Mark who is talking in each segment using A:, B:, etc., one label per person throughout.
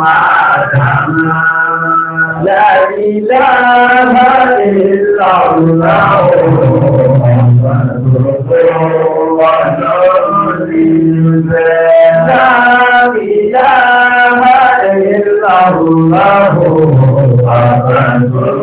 A: لا إله إلا الله لا إله إلا الله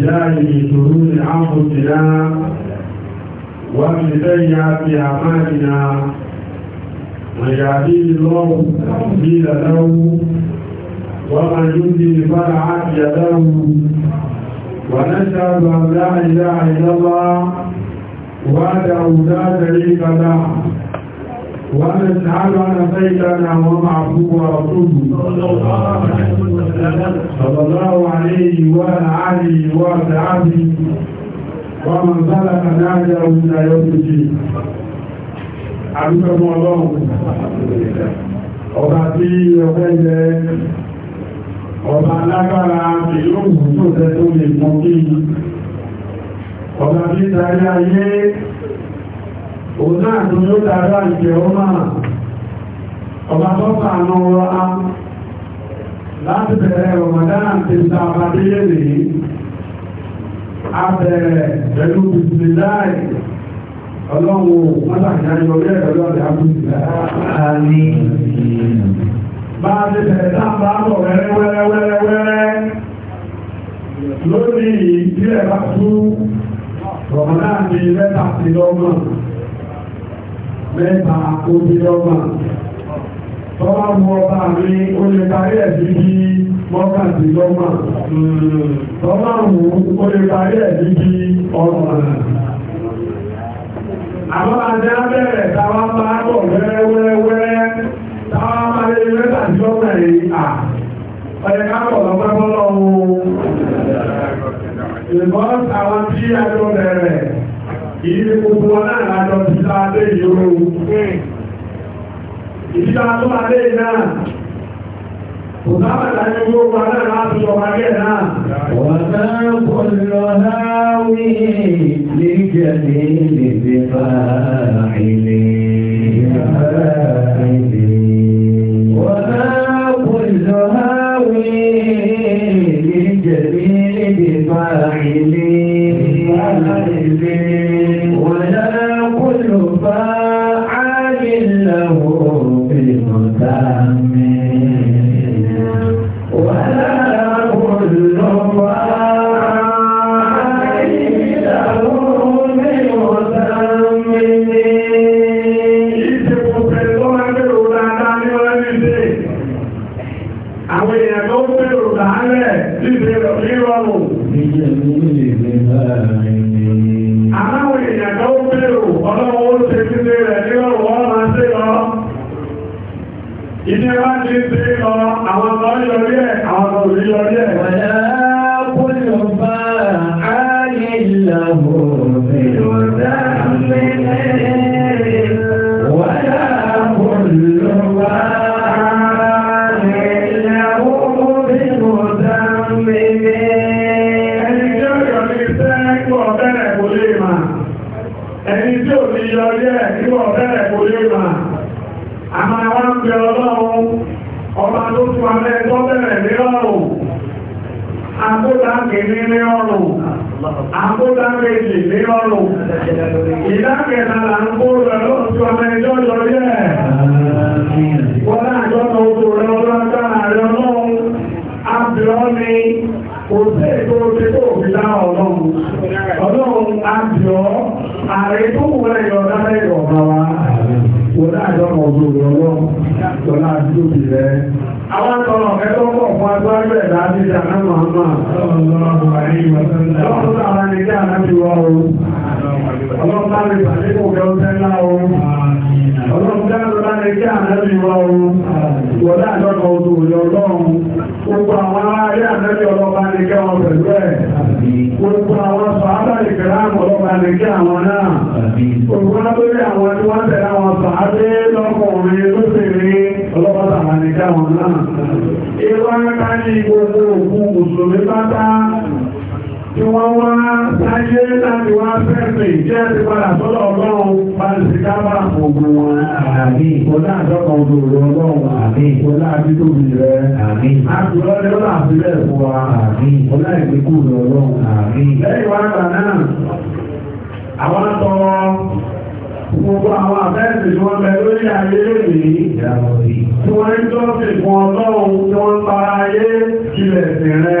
A: بالله من شرور أنفسنا ومن سيئات أعمالنا من الله فلا له ومن يضلل فلا عدل له ونشهد أن لا إله إلا الله وحده لا شريك له وأن تعالى سيدنا ومعفو ورسوله صلى الله عليه وعلى آله وصحبه ومن سلك نهجه إلى يوم الدين àdúgbẹ́mọ́ ọlọ́run ọba tí ọba alágbára ìlú òun tó lè mọ́ kí ọba tí tàrí ayé òun náà tó ló dára ìjẹ ọmọ ọba tó sàánú wa láti bẹ̀rẹ̀ Ramadan ti ta àbádéyé nìyí a bẹ̀rẹ̀ pẹ̀lú bisimilahi ọlọ́run mọ́sàkìyà yọ bí ẹ̀rọ lọ́dẹ̀ àbúsìláì bá a ti bẹ̀rẹ̀ sáàbà bọ̀ wẹ́rẹ́wẹ́rẹ́wẹ́rẹ́ lórí ìdílẹ̀ bá tú Ramadan ti mẹ́ta sí lọ́gbọ̀n mẹ́ta òbílọ́gbà tọ́wà mú ọba rí ó lè parí ẹ̀bí bí mọ́kàndínlọ́gbà tọ́wà mú ó lè parí ẹ̀bí bí ọ̀rọ̀ àwọn àjẹ́ abẹ́rẹ̀ táwa máa bọ̀ wẹ́rẹ́wẹ́rẹ́ táwa máa lè mẹ́tàdínlọ́gbà yìí à ọ̀yẹ̀ ká pọ̀ lọ́pẹ́ bọ́lọ́ ìbọn àwọn tí a jọ bẹ̀rẹ̀ kì í ní gbogbo náà lájọ tá a dé yìí o ìdí tá a tó máa dé yìí náà kò sábà dání gbogbo wa náà láti sọ wa kẹ́ náà. wàtá kọlọ láwí níjẹ̀lẹ́
B: lè fi fà ilé.
A: rọrùn. Ìdákẹta là ń kó rẹ̀ lọ́tọ́ ọmọ ẹjọ́ jọ yẹ́. Wọ́n láàjọ́ kan oṣù rẹ̀ ọlọ́ta ààrẹ ọlọ́run, àbìọ́ ni kò sí ètò oṣù tó fi dá ọlọ́run. Ọlọ́run àbìọ́, ààrẹ tó wù rẹ̀ yọ dábẹ́ yọ ọ̀gá wa. Wọ́n láàjọ́ kan oṣù rẹ̀ Àwọn àtọ̀nà ẹ̀kọ́ pọ̀ fún agbájọ́ ẹ̀dá ìjà náà máa máa. òye ọlọ́run gbogbo àwọn aráyé àtẹ́lẹ̀ ọlọ́ba ní kẹ́ wọn pẹ̀lú ẹ̀ gbogbo àwọn sàádà ìkẹ́lá ọlọ́ba ní kẹ́ àwọn náà gbogbo lábẹ́rẹ́ àwọn tí wọ́n tẹ̀lé àwọn sàádé lọ́kùnrin lóṣèlú ọlọ́ba tàbí ní kẹ́ àwọn náà ìwọ́n ká ní gbogbo òkú mùsùlùmí pátá tí wọ́n wá sáyé láti wá fẹ́ẹ̀fẹ́ ìjẹ́ ti padà sọ́dọ̀ ọlọ́run bá lè fi dábàá ògùn wọn àmì ọlá àjọkọ̀ òdòdó ọlọ́run àmì ọlá àbítóbi rẹ àmì àtúlọ́lẹ́ ọlá àbílẹ̀ fún wa àmì ọlá ìgbékù ọlọ́run àmì lẹ́yìn wá gbà náà àwọn tọrọ gbogbo àwọn àfẹ́sì tí wọ́n bẹ lórí ayé lónìí tí wọ́n ń jọ́sìn fún ọlọ́run tí wọ́n ń para ayé ilẹ̀ ìsìn rẹ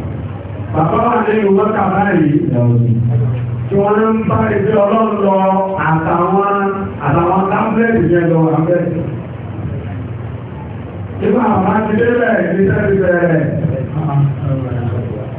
A: bàbá wà nínú mọ́ta báyìí tí wọ́n ń bá ẹgbẹ́ ọlọ́run lọ àtàwọn àtàwọn tábìlẹ̀tì yẹn lọ abẹ́. nígbà bá ti débẹ̀ ní sẹ́ẹ̀dì bẹ̀rẹ̀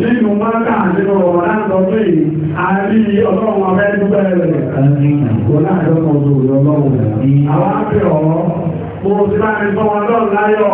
A: nínú mọ́ta nínú ọ̀rọ̀ láńtọ́ pé àrí ọlọ́run abẹ́ dúpẹ́ rẹ̀ kò láàjọ́ kan tó lọ́wọ́ àwọn àpẹ ọ̀rọ̀ mo ti bá mi sọ wọn lọ́rùn láyọ̀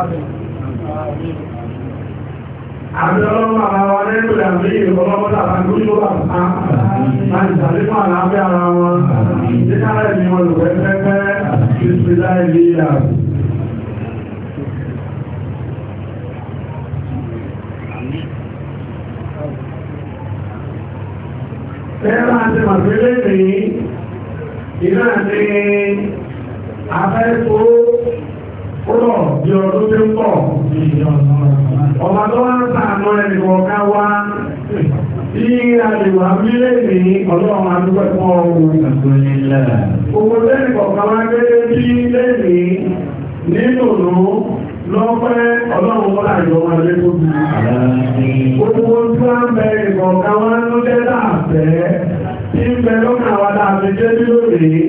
A: Àbí ọlọ́run ara wa lẹ́nu ìdàmí ìrọ̀lọ́pọ̀lá àbájú yóò wà fún án. Láti sàlékún àlàáfíà ara wọn. Ìdíkàlẹ̀ ni wọn lò pẹ́pẹ́pẹ́ ìsìnlá ilé ìyàwó. Ẹ̀rọ àti màfílẹ̀ ní ìlànà afẹ́kọ̀ọ́ ó lọ bí ọdún tó ń bọ̀ ọba tó wá ń sàánú ẹni ọ̀ká wá tí àdìwà mílẹ̀ ní ọlọ́run adúgbò fún ọrùn gbogbo lẹ́nìkọ̀ọ̀kan wá gẹ́gẹ́ bí lẹ́nìí nínú lọ́pẹ́ ọlọ́run wọ́n àjọ wọn lé tó bí. Gbogbo tí wọ́n bẹ ìkọ̀ọ̀kan wọn ló jẹ́ láàfẹ́. Tí ń bẹ lọ́nà wa láàfẹ́ jẹ́ bí lónìí.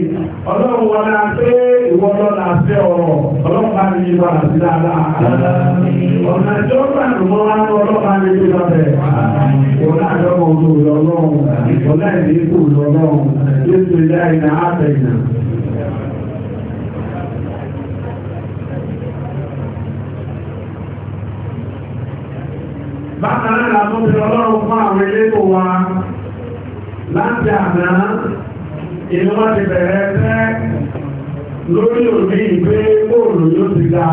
A: Ọlọ́run wọn náà pé ìwọ lọ láàfẹ́ ọ̀rọ̀. Ọlọ́run bá mi yí padà sí dáadáa. Ọ̀nà tí ó gbà lùmọ́ wá ní ọlọ́run bá mi yí lọ́bẹ̀. Ìwọ̀n àjọ kan tó lọ lọ́run. Ìwọ̀n láì ní kò lọ lọ́run. Yóò bákan náà tó fi ọlọ́run fún àwọn elétò wa láti àná ìlú wọn ti bẹ̀rẹ̀ tẹ́ lórí òní ìgbé bóòlù yóò ti dá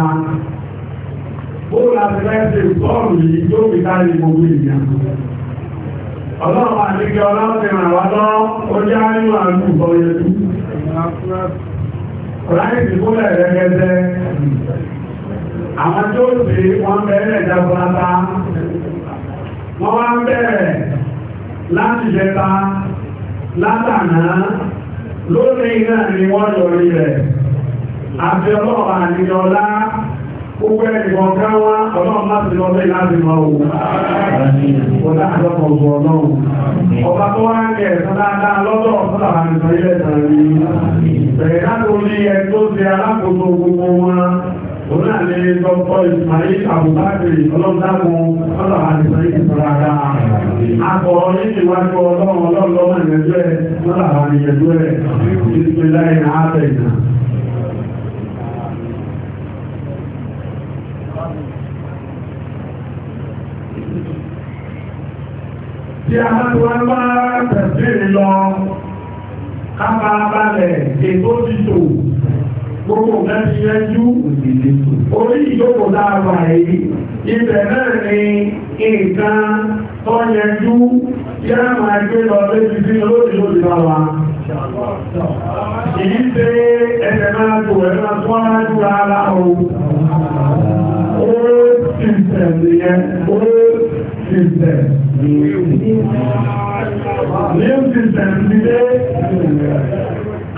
A: bóòlù àti lẹ́sìn bọ́ọ̀lù yìí yóò fi dá ní gbogbo ènìyàn ọlọ́run àdíkẹ́ ọlọ́run ti ràn wá lọ́ ó jẹ́ àyínú àrùn ìbọ̀yẹ̀dú ọ̀láyìí kúlẹ̀ rẹ̀gẹ́dẹ́ àwọn tó ṣe wọ́n bẹ̀rẹ̀ jábọ́látá wọ́n wá ń bẹ̀rẹ̀ láti jẹta látàná lónìí náà ni wọ́n lórí rẹ̀ àti ọlọ́ọ̀bà àníyànlá gbogbo ẹnìkan ká wá ọlọ́run láti lọ bẹ́ẹ̀ láti mọ òun ọ̀dà àjọpọ̀ ògùn ọlọ́run ọba tó wá ń kẹ ẹ̀sán dáadáa lọ́dọ̀ ọ̀sán àwọn àìsàn ilẹ̀ ìtàn rí bẹ̀rẹ̀ láti orí ẹni tó ṣe alákòóso gbogbo wọn òun náà ní dọ́kọ̀ Ismail Abubakar ọlọ́dàmú ọlọ́ àdìsàn ìsọ̀rọ̀ ara akọ̀ oníṣèwájú ọlọ́run ọlọ́lọ́mọ ìrẹ́jọ́ ẹ̀ lọ́la àwọn ìrẹ́jọ́ ẹ̀ ìpínlẹ̀ ìrìn àbẹ̀ ìnà. tí a bá tó wá tẹ̀síìrì lọ ká bá balẹ̀ ètò títò gbogbo nǹkan ti yẹjú orí ìjókòó dáàbà yìí ibẹ̀ náà ni nǹkan tó yẹjú yá máa gbé lọ lébi sí lórí lórí bá wa kìí ṣe ẹsẹ̀ máa tó ẹ̀ máa tó ara tó ara o ó ti tẹ̀lé yẹn ó ti tẹ̀lé ní ó ti tẹ̀lé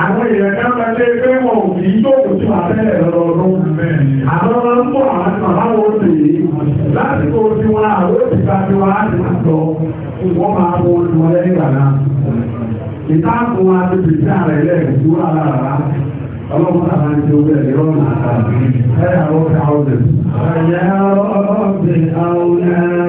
A: àwọn èèyàn kan máa lé pé wọn ò kì í jókòó tí wàá tẹ́lẹ̀ lọ́dọọdún àwọn máa ń bọ̀ àwọn tí màmá wọn lè láti kó tí wọn àwọn òsì bá tí wọn á ti máa lọ wọn máa wọ olùwọlé nígbà náà ìtàkùn wa ti pèsè àrẹ lẹ́ẹ̀kú ara rà اللهم أنت وليون عقاب يا رب أولى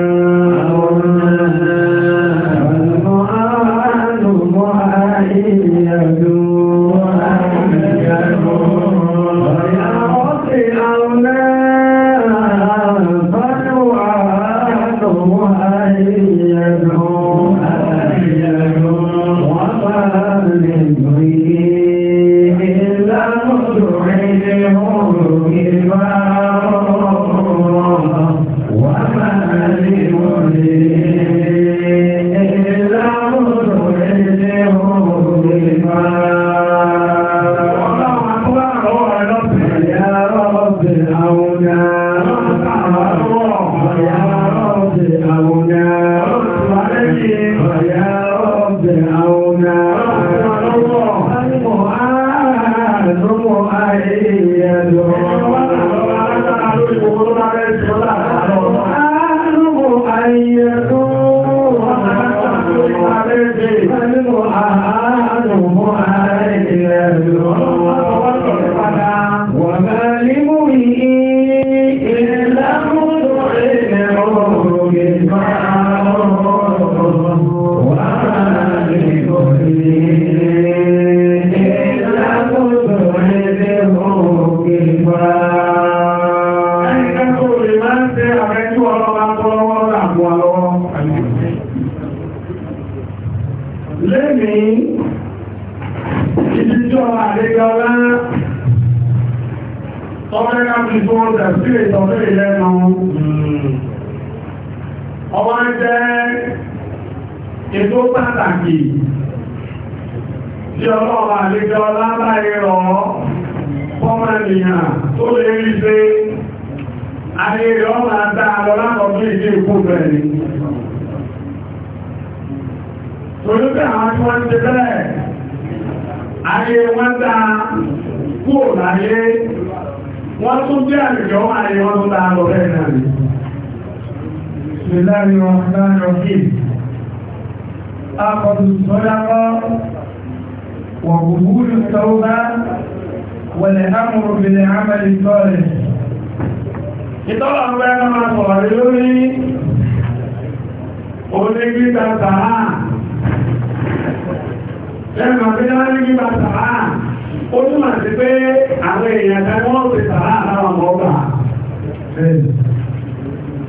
A: ayé wọ́n dá kúrò láyé wọ́n tún bí àjọ ayé wọ́n tún dá lọ bẹ́ẹ̀ náà ni Ìlàrí wọn láàrin ọ̀fí. Akọ̀dù sọ́dákọ́, wọ̀n gbogbo ìtọ́wọ́bá, wọ̀lẹ̀ ámùrù bèèrè àmàlì sọ́rẹ̀. Ìtọ́lọ̀ ń sọ̀rọ̀ lórí, lẹ́nu àti ní bá sàrá ó túmọ̀ sí pé àwọn èèyàn tẹ́ wọ́n ti sàrá àtàwọn ọgbà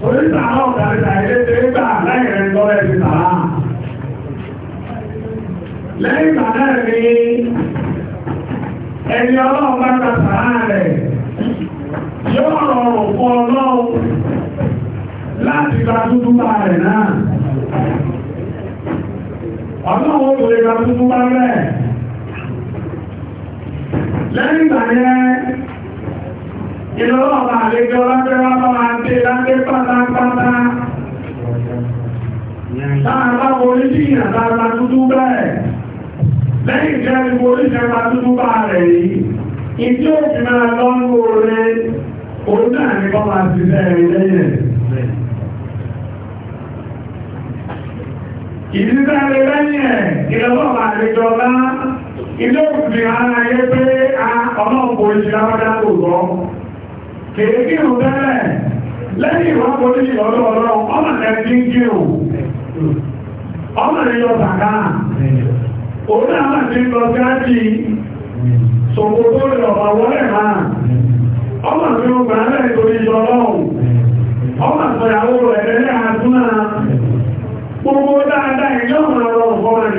A: oríta àwọn ọ̀tàríta ilé tí gbà lẹ́yìn rẹ̀ lọ́wọ́ ẹ̀sìn sàrá lẹ́yìn ìgbà náà ẹni ọlọ́run bá gba sàrá rẹ̀ yóò rọrùn fún ọlọ́run láti gba dúdú bá rẹ̀ náà ọdún àwọn obìnrin kan tuntun bá rẹ̀ lẹ́yìn ìgbà yẹn ìlọ́wọ́ ọba àlejò lábẹ́ wá bá máa dé lábẹ́ pátápátá láàbá oríṣi ìyàtàgbà tuntun bẹ́ẹ̀ lẹ́yìn jẹ́ ìwò oríṣẹ́gbà tuntun bá rẹ̀ yìí ìdí òfin máa lọ́nà oore òun náà ní kọ́ máa ti bẹ́ẹ̀ lẹ́yìn ìdílé lẹ́yìn ẹ̀ ìlọ́pọ̀ àlejò ọlá ilé òfin ara yẹ pé ọlọ́pọ̀ ìṣẹ́láwádá kò lọ kèékì rò bẹ́ẹ̀ lẹ́yìn ìwà polisi lọ́dọ̀ ọlọ́run ọmọ rẹ̀ ti ń kí o ọmọ rẹ̀ yọ bàtà òun náà máa ti lọ gáàdì sòkòtò ìlọ̀pọ̀ wọlé máa ọmọ mi ò gbà lẹ́yìn torí ìjọ ọlọ́run ọmọ àgbẹ̀yàwó rẹ̀ lẹ́yìn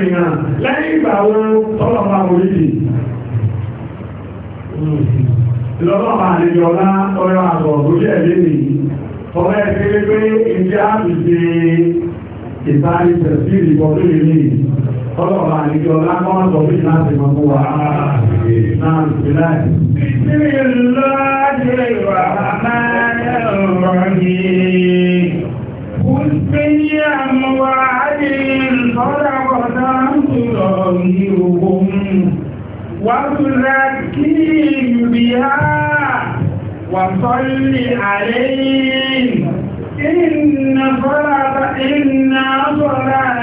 A: èèyàn lẹ́yìn ìgbà wọn tọ́lọ̀ máa wò yìí ọlá ọyọ àgọ̀ lórí ẹ̀lẹ́ mi tọ́lá ẹgbẹ́ pé ìjẹ́ àbìsí ìbáyé tẹ̀sí ní àmúwá àdìyí sọ́dọ̀ تطهرهم وتزكيهم بها وصل عليهم إن صلاتك إن صلاتك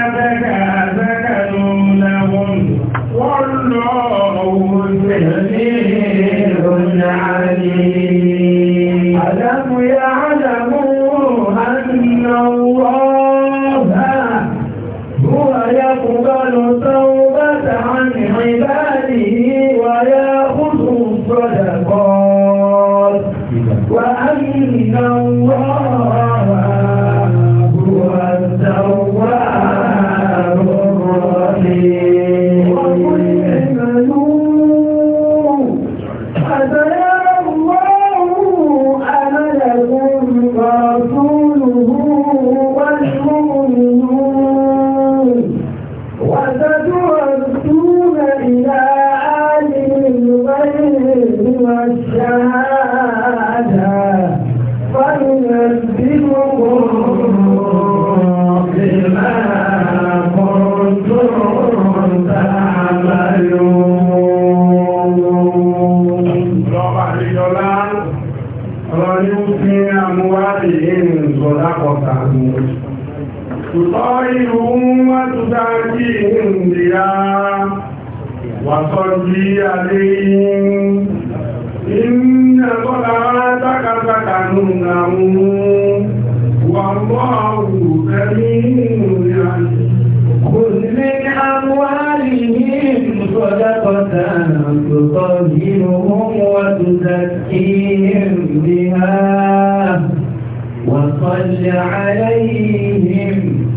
A: صل عليهم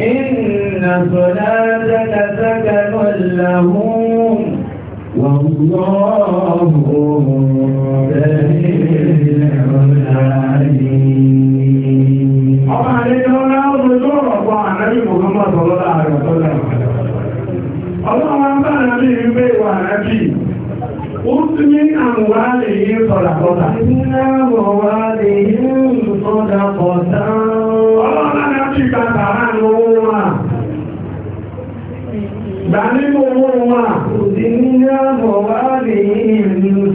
A: إن صلاتك سكن لهم والله
B: سميع عليم. أما
A: عليكم لا تزور الله عليه محمد صلى الله عليه أثمن أموالهم صدقة أثمن أموالهم صدقة ọlọ́run náà ti gba bàrá wa gbà wa أثمن أموالهم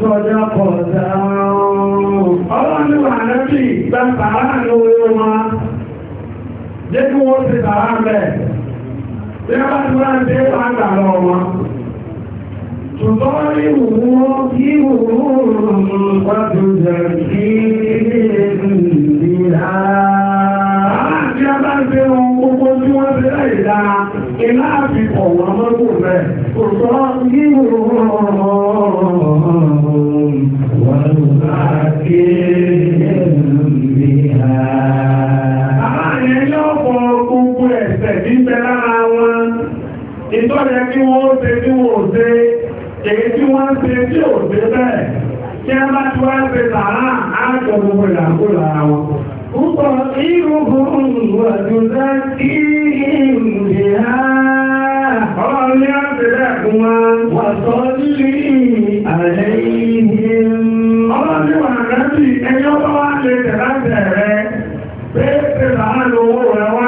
A: صدقة ọlọ́run náà ti gba wa jẹ́ kí wọ́n ti bàrá bẹ́ẹ̀ bí wọ́n bá ti wá ń dé wọ́n á wọn. تطالبوا فيهم وتزكيهم بها ṣe èyí tí wọ́n ṣe tí ò ṣe bẹ́ẹ̀ kí a bá tí wọ́n ṣe sàárà ájọ gbogbo ìlàkó lára wọn. Púpọ̀ irúgbùn wàdúrà kí ìrìnlẹ̀ á. Ọlọ́run ní fún wa. Wà sọ lílì àlẹ́ ìhì. Ọlọ́run wà rántí ẹyọ́ bá wá ṣe tẹ̀láṣẹ̀ rẹ̀. Bẹ́ẹ̀ ṣe lówó rẹ̀ wá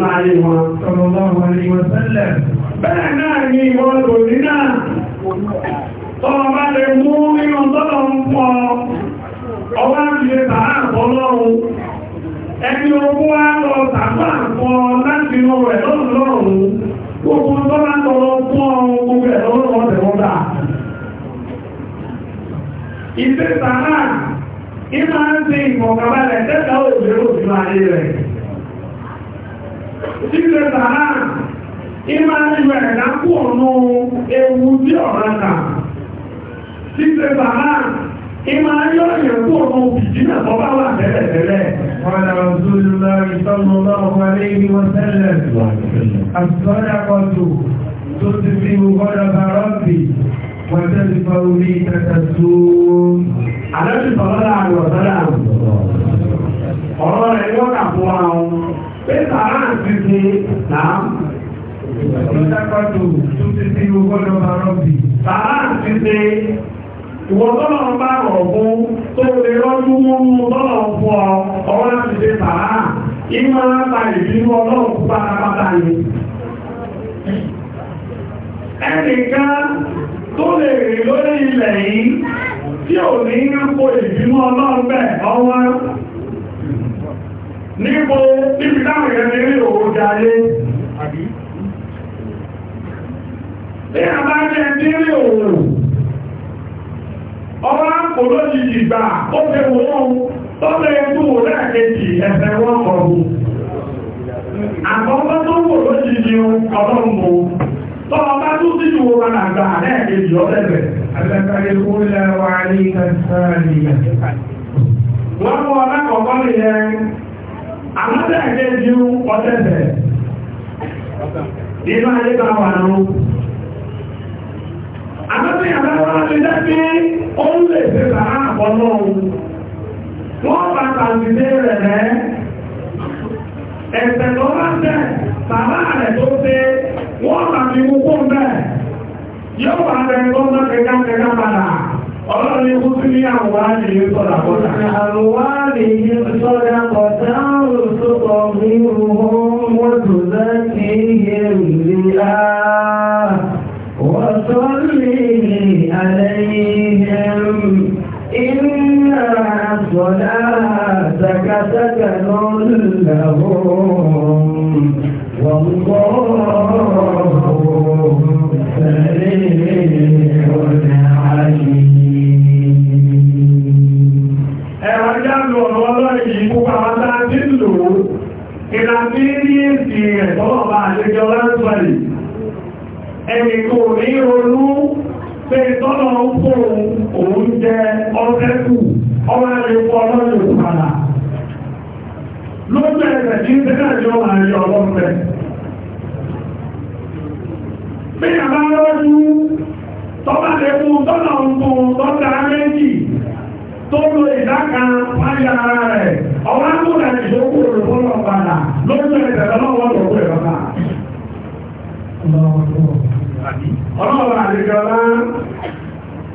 A: صلى الله عليه وسلم احنا tí ò ní nípo ìbínú ọlọ́run bẹ́ẹ̀ ọwọ́n nípo níbi táwọn èèyàn nílé òun jayé ní a bá jẹ́ òun ọwọ́ kò lójijì gbà ó fẹ́ wọ́n tó fẹ́ tó wò ẹ̀fẹ́ wọ́n àkọ́kọ́ tó wò ọlọ́run tó wọn àgbà lẹ́ẹ̀kejì ọlẹ́bẹ̀ẹ́ لك الأولى وعليك الثانية wọ́n mú ọlá kọ̀ọ̀kọ́ lè yẹ àmọ́tẹ́ ẹ̀kẹ́ ju ọ̀tẹ́tẹ̀ nínú ayé kan wà nù àmọ́tẹ́ àbẹ́wọ́n lè jẹ́ pé ó ń lè fẹ́ bàá àbọ̀nà wọ́n bá tàbílé rẹ̀ rẹ̀ ẹ̀sẹ̀ lọ́wọ́ tẹ̀ bàbá rẹ̀ tó ṣe wọ́n tàbí gbogbo bẹ́ẹ̀ yóò wà lẹ́yìn tó mọ́ kẹkàkẹkà padà ọlọ́run ní kúkú ní àwòrán yìí sọ̀rọ̀ àkọ́tà. àwòrán yìí sọ̀rọ̀ àkọ́tà òṣùpọ̀ mi rùn wọ́n tó láti yẹ ìlera wọ́n sọ́lé àlẹ́yìn إِنَّا صَلَاتَكَ سَكَنٌ لَهُمْ وَاللَّهُ ọmọ rẹ̀ kọ́ ọlọ́run ìpàdà lójú ẹ̀rẹ̀ tí ń tẹ́lẹ̀ yọ àyè ọlọ́run rẹ̀ bí àbá lọ́jú tọ́bà lè mú tọ́nà ọ̀gbọ̀n tọ́jà méjì tó lo ìdáka wáyé ara rẹ̀ ọ̀wá tó rẹ̀ ìṣòkò olùkọ́lọ̀ padà lójú ẹ̀rẹ̀ lọ́wọ́ lọ́wọ́ ìrọ̀lá ọlọ́run àdìgbọ́lá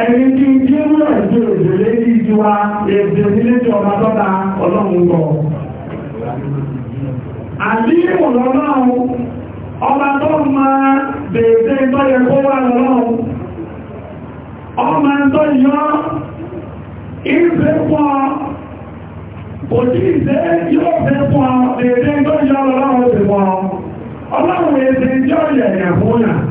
A: ẹni tí ń kí ń rẹ̀ jẹ́ òjò léjì ju wa èdè nílé tí ọba tọ́ta ọlọ́run kọ. àti ìwòlọ́lọ́run ọba tó máa bèèrè tọ́yẹ kó wà lọ́run ọmọ tó yọ ìfẹ́ pọ̀ kò tí ìfẹ́ yóò fẹ́ pọ̀ bèèrè tó yọ lọ́run ti pọ̀ ọlọ́run èdè jọ́ yẹ̀yẹ̀ fún yàrá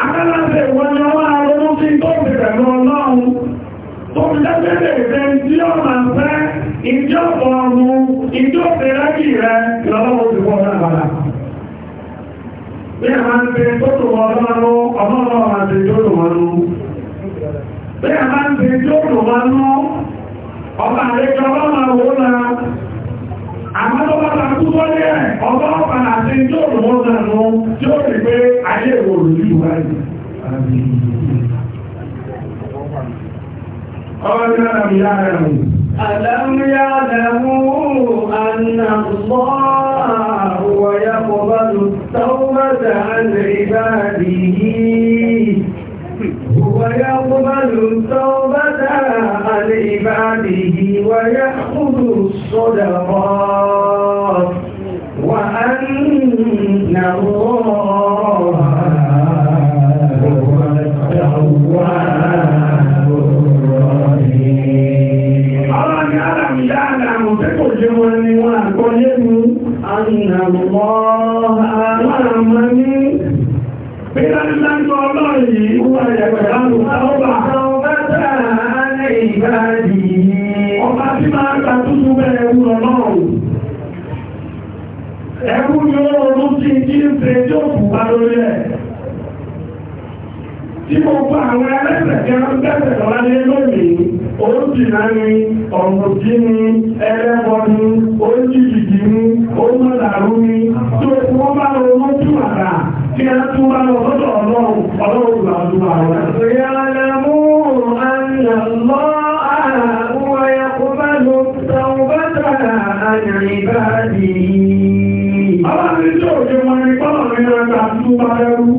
B: Akálàṣẹ ìwọ̀nà wá ronú sí tó fi pẹ̀lú
A: ọlọ́run. Tó fi lẹ́gbẹ̀rẹ̀ ìfẹ́ tí ó máa fẹ́, ìjọ́ ọ̀run, ìjọ́ ìrẹ́kì rẹ̀ lọ́wọ́ ti wọ́n náà bàrà. Bí a máa ń pe tó tó wọ́n lọ́rọ́, àmọ́lọ́pàá tó wọlé ẹ̀ ọlọ́pàá àti yóò lọ́wọ́ dànù yóò rí pé ayé ìwò olùdíjú wáyé. Ọba tí wọ́n dàbí yára rẹ̀ mú. Àdámú yá dàmú àná mọ́ àwọ̀ yá kọ̀ bá lò táwọn bá dà á lè bá rí yí. التوبة عن عباده ويأخذ الصدقات وأن الله هو التواب
B: الرحيم الله
A: يعلم يعلم تكجم المواد ويدعو أن الله أمامني
C: بأن الله يهوى يبدأ التوبة ìgbáàdì ọba tí máa ń ta tútù
A: bẹ́ẹ̀ ẹ̀rù ọlọ́run ẹ̀rù ni ó ronú sí tí ń ṣe tí ó kù bá lórí ẹ̀ tí mo pa àwọn ẹlẹ́sẹ̀ kí wọ́n gbẹ́sẹ̀ lọ́wọ́ ní lónìí oúnjìnà ni ọ̀rọ̀dí ni ẹlẹ́wọ̀ ni oúnjìjìjì ni oúnjìnàrú ni tí ó kú wọ́n bá lọ mọ́jú àrà kí a tún bá lọ lọ́dọ̀ ọlọ́run ọlọ́run làdúrà rẹ̀ tún bá rẹ́rú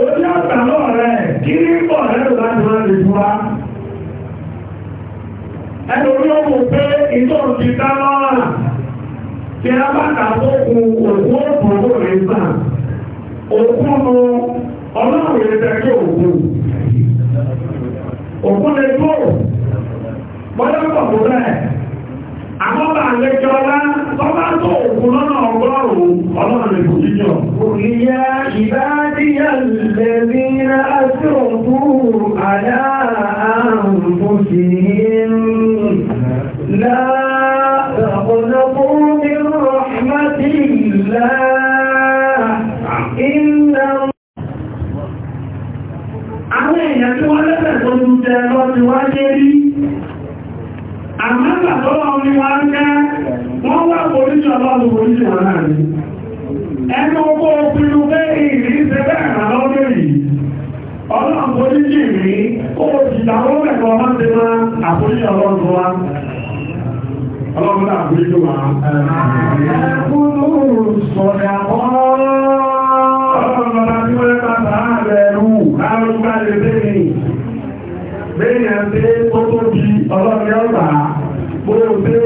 A: ojú àtàlọ́ rẹ̀ kí ní pọ̀ rẹ́rù láti máa lè fún wa ẹnu orí ó mú pé ìtọ́ ti dá lọ́rà tí a bá kà fókun òkú òkú rẹ̀ sàn òkú nu ọlọ́run rẹ̀ tẹ̀lé òkú òkú lè tó bọ́lá pọ̀ tó rẹ̀ àmọ́ bá lè jọ ọlá tọ́ bá tó òkú lọ́nà ọgọ́rùn-ún ọlọ́run lè kò jíjọ. Òníyà ìbádíyà lẹ́bí náà tó kú àdá àrùn sí láàrùn min rahmatillah inna Àwọn èèyàn tí wọ́n lẹ́sẹ̀ tó ń jẹ lọ́ti wá jẹ́ rí, àmọ́ ìgbàtọ́lọ́ ni wá ń jẹ́ wọ́n wá polisi ọlọ́dún polisi wọn náà ni ẹni ọkọ̀ òpinu pé ìrì ṣe bẹ́ẹ̀ rà lọ́dún yìí ọlọ́run polisi rí ó ti dáwọ́ mẹ́kọ̀ọ́ máa ti máa àpolisi ọlọ́dún wa ọlọ́run náà polisi wa. àkúrú sọ̀dà ọ̀rọ̀ ọlọ́run tí wọ́n lẹ́ta sàá rẹ̀ rú arúgbá lè bẹ́ẹ̀ni bẹ́ẹ̀ni àti ó tó di ọlọ́run yọ́ta bóyá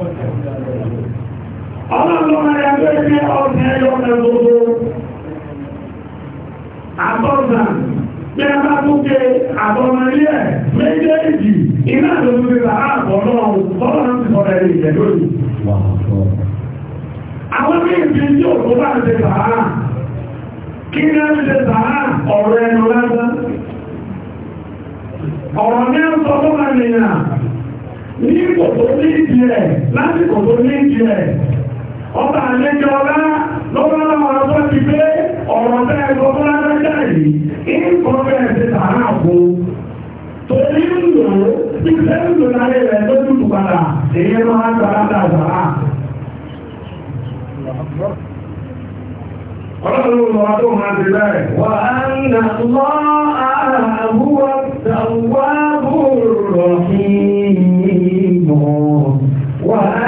A: ẹgbẹ́ ní ọ̀sẹ̀ ẹyọ̀kẹ́ gbogbo àtọ́sàn bí a bá tún ké àbọ̀mọ̀ ilé ẹ̀ méjèèjì iná lórí rírà àbọ̀ náà ọlọ́run ti sọ̀rọ̀ ẹ̀rí ìjẹ́ lórí. àwọn méjì tí òkú bá ń ṣe sàárà kí ní ń ṣe sàárà ọ̀rọ̀ ẹnu lásán ọ̀rọ̀ ní ń sọ fún àmì ní kòtò ní ìdí ẹ̀ lásìkò tó ní ìdí ẹ̀ ọba àlejò ọlá lọ́wọ́ láwọn ti pé ọ̀rọ̀ tẹ́ ẹ̀kọ́ fún yìí ìkọ́ tààrà àbò torí ń lò ó ti láyé rẹ̀ lójú tùpadà èyí máa ń gbàrà dàgbàrà. Ọlọ́run lọ wá máa ti bẹ́ẹ̀. Wà á nà lọ́ àbúwọ̀ tàwábù rọ̀ fún ìmọ̀. Wà á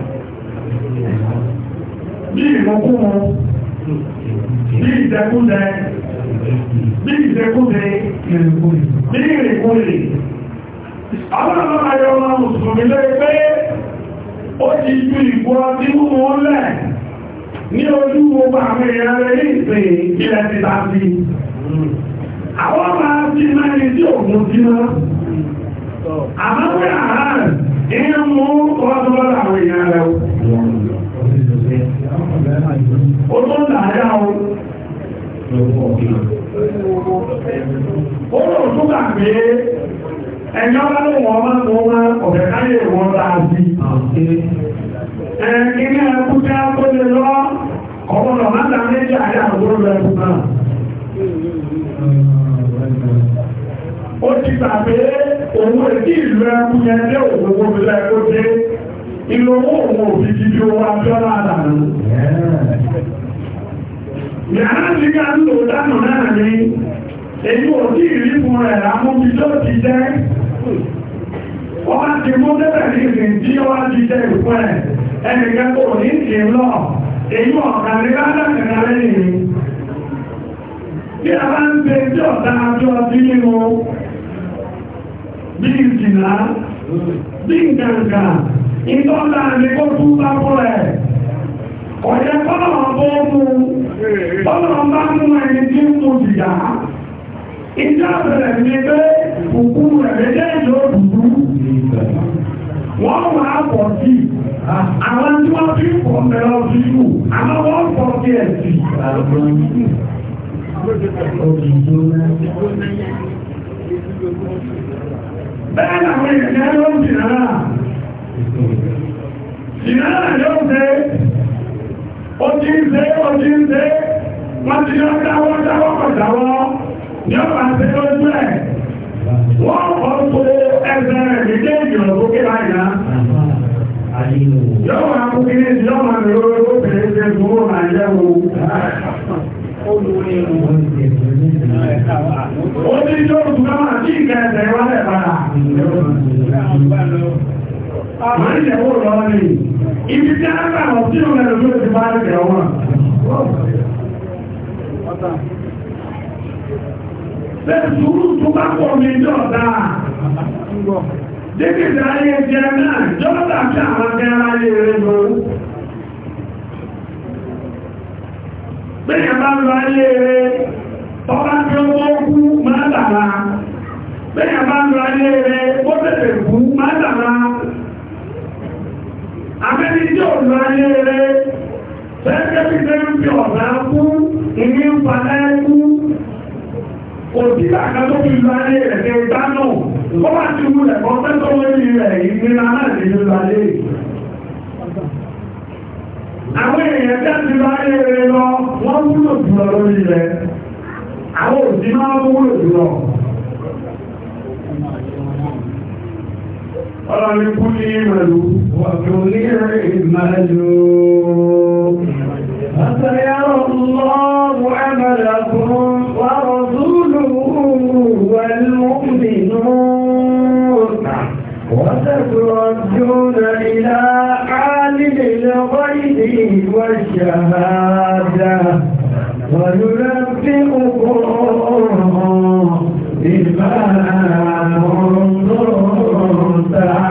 A: bí ìmọ̀kúnmọ̀ bí ìjẹkúnjẹ bí bí ìrìnkúnlẹ̀ àwọn ayọ́ ọmọ mùsùlùmí lẹ́yẹ pé ó ti ju ìgbọ́ tí mú wọn lẹ̀ ní ojú gbogbo àwọn èèyàn rẹ̀ ní ìpè ti àwọn ti mẹ́rin tí àmọ́ pé ìyẹn mú
B: ó
A: tó ń dàájá o ó lò tó gbà pé ẹ̀yọ́ bá lè wọ́n máa tó wá ọ̀fẹ́ káyé wọn dáa sí ẹ̀kíní ẹkú tí a kó lè lọ ọmọ lọ máa dáa méjì àyà àgbóró lọ ẹkú náà
B: ó ti gbà pé
A: òun èdè ìlú ẹkú yẹn lé òun gbogbo lẹ́kó dé ìlòwó òun òbí gidi owó abíọ́lá àdàlù yàrá ti ká ń lò dánù náà ní èyí ò tí ìrìkùn rẹ̀ lámúbitó ti jẹ́ ọba ti mú débẹ̀ ní ìsìn tí ọba ti jẹ́ ìpín ẹ̀ ẹnìkan kò ní kì í lọ èyí ọ̀kan ní ládàkàkà lẹ́yìn bí a bá ń pe tí ọ̀dá ajọ́ sí nínú bí ìsìnlá bí nǹkan kan ìtọ́lá ní kó tún bá fún rẹ̀ ọ̀yẹ́ kọ́lọ̀ bó mú kọ́lọ̀ bá mú ẹni tí mú jìyà ìjọ bẹ̀rẹ̀ ní pé òkú rẹ̀ méjèèjì ó dùdú wọ́n wà á pọ̀ sí àwọn tí wọ́n fi pọ̀ mẹ́rọ sí ìlú àmọ́ wọ́n pọ̀ sí ẹ̀sì
B: bẹ́ẹ̀ làwọn ìrìnlẹ́ ló ń jìnnà náà ìnáà
A: yóò ṣe ó ti ń ṣe ó ti ń ṣe wọ́n ti lọ dáwọ́ dáwọ́ pàdáwọ́ ní ọ̀pá ṣe lójú ẹ̀ wọ́n kọ́ tó ẹsẹ̀ rẹ̀ méjèèjì ọ̀rọ̀ kí láyà yóò máa kú kí ní ìjọ máa lè lórí ó bẹ̀rẹ̀ ṣe gbogbo àyẹ̀wò
B: ó ní ìjọ òtún náà sí ìkẹsẹ̀ wálẹ̀ padà àwọn
A: ìyẹ̀wò lọ́wọ́ ni ibi tí a rà wọ́n tí ó lẹ́nu ló ti bá rẹ̀ wọ́n lẹ́sùrù tó bá pọ̀ mi jọ́ta díkìtì ayé
B: jẹ́ náà jọ́ta
A: bí àwọn akẹ́rẹ́ ayé rẹ̀ lọ bẹ́ẹ̀ bá lọ ayé rẹ̀ ọba tí ó mọ́ kú máa dàrá bẹ́ẹ̀ bá lọ ayé rẹ̀ ó tẹ̀lẹ̀ kú máa dàrá abẹ́ni tí ò lọ ayé rẹ̀ fẹ́ẹ́kẹ́ bí fẹ́ ń fi ọ̀nà kú ìní ń fa ẹ́kú òbí àgbà tó fi lọ ayé rẹ̀ ó bá ti wú rẹ̀ kọ́ fẹ́ rẹ̀ ìnira náà ti lọ ayé àwọn èèyàn ti lọ ayé rẹ̀ lọ wọ́n wúlò jùlọ lórí ọlọ́ni kú ní ìmọ̀lú wọ̀tún ní ìmọ̀lú عملكم ورسوله والمؤمنون وستردون إلى عالم الغيب والشهادة وينبئكم بما الساعة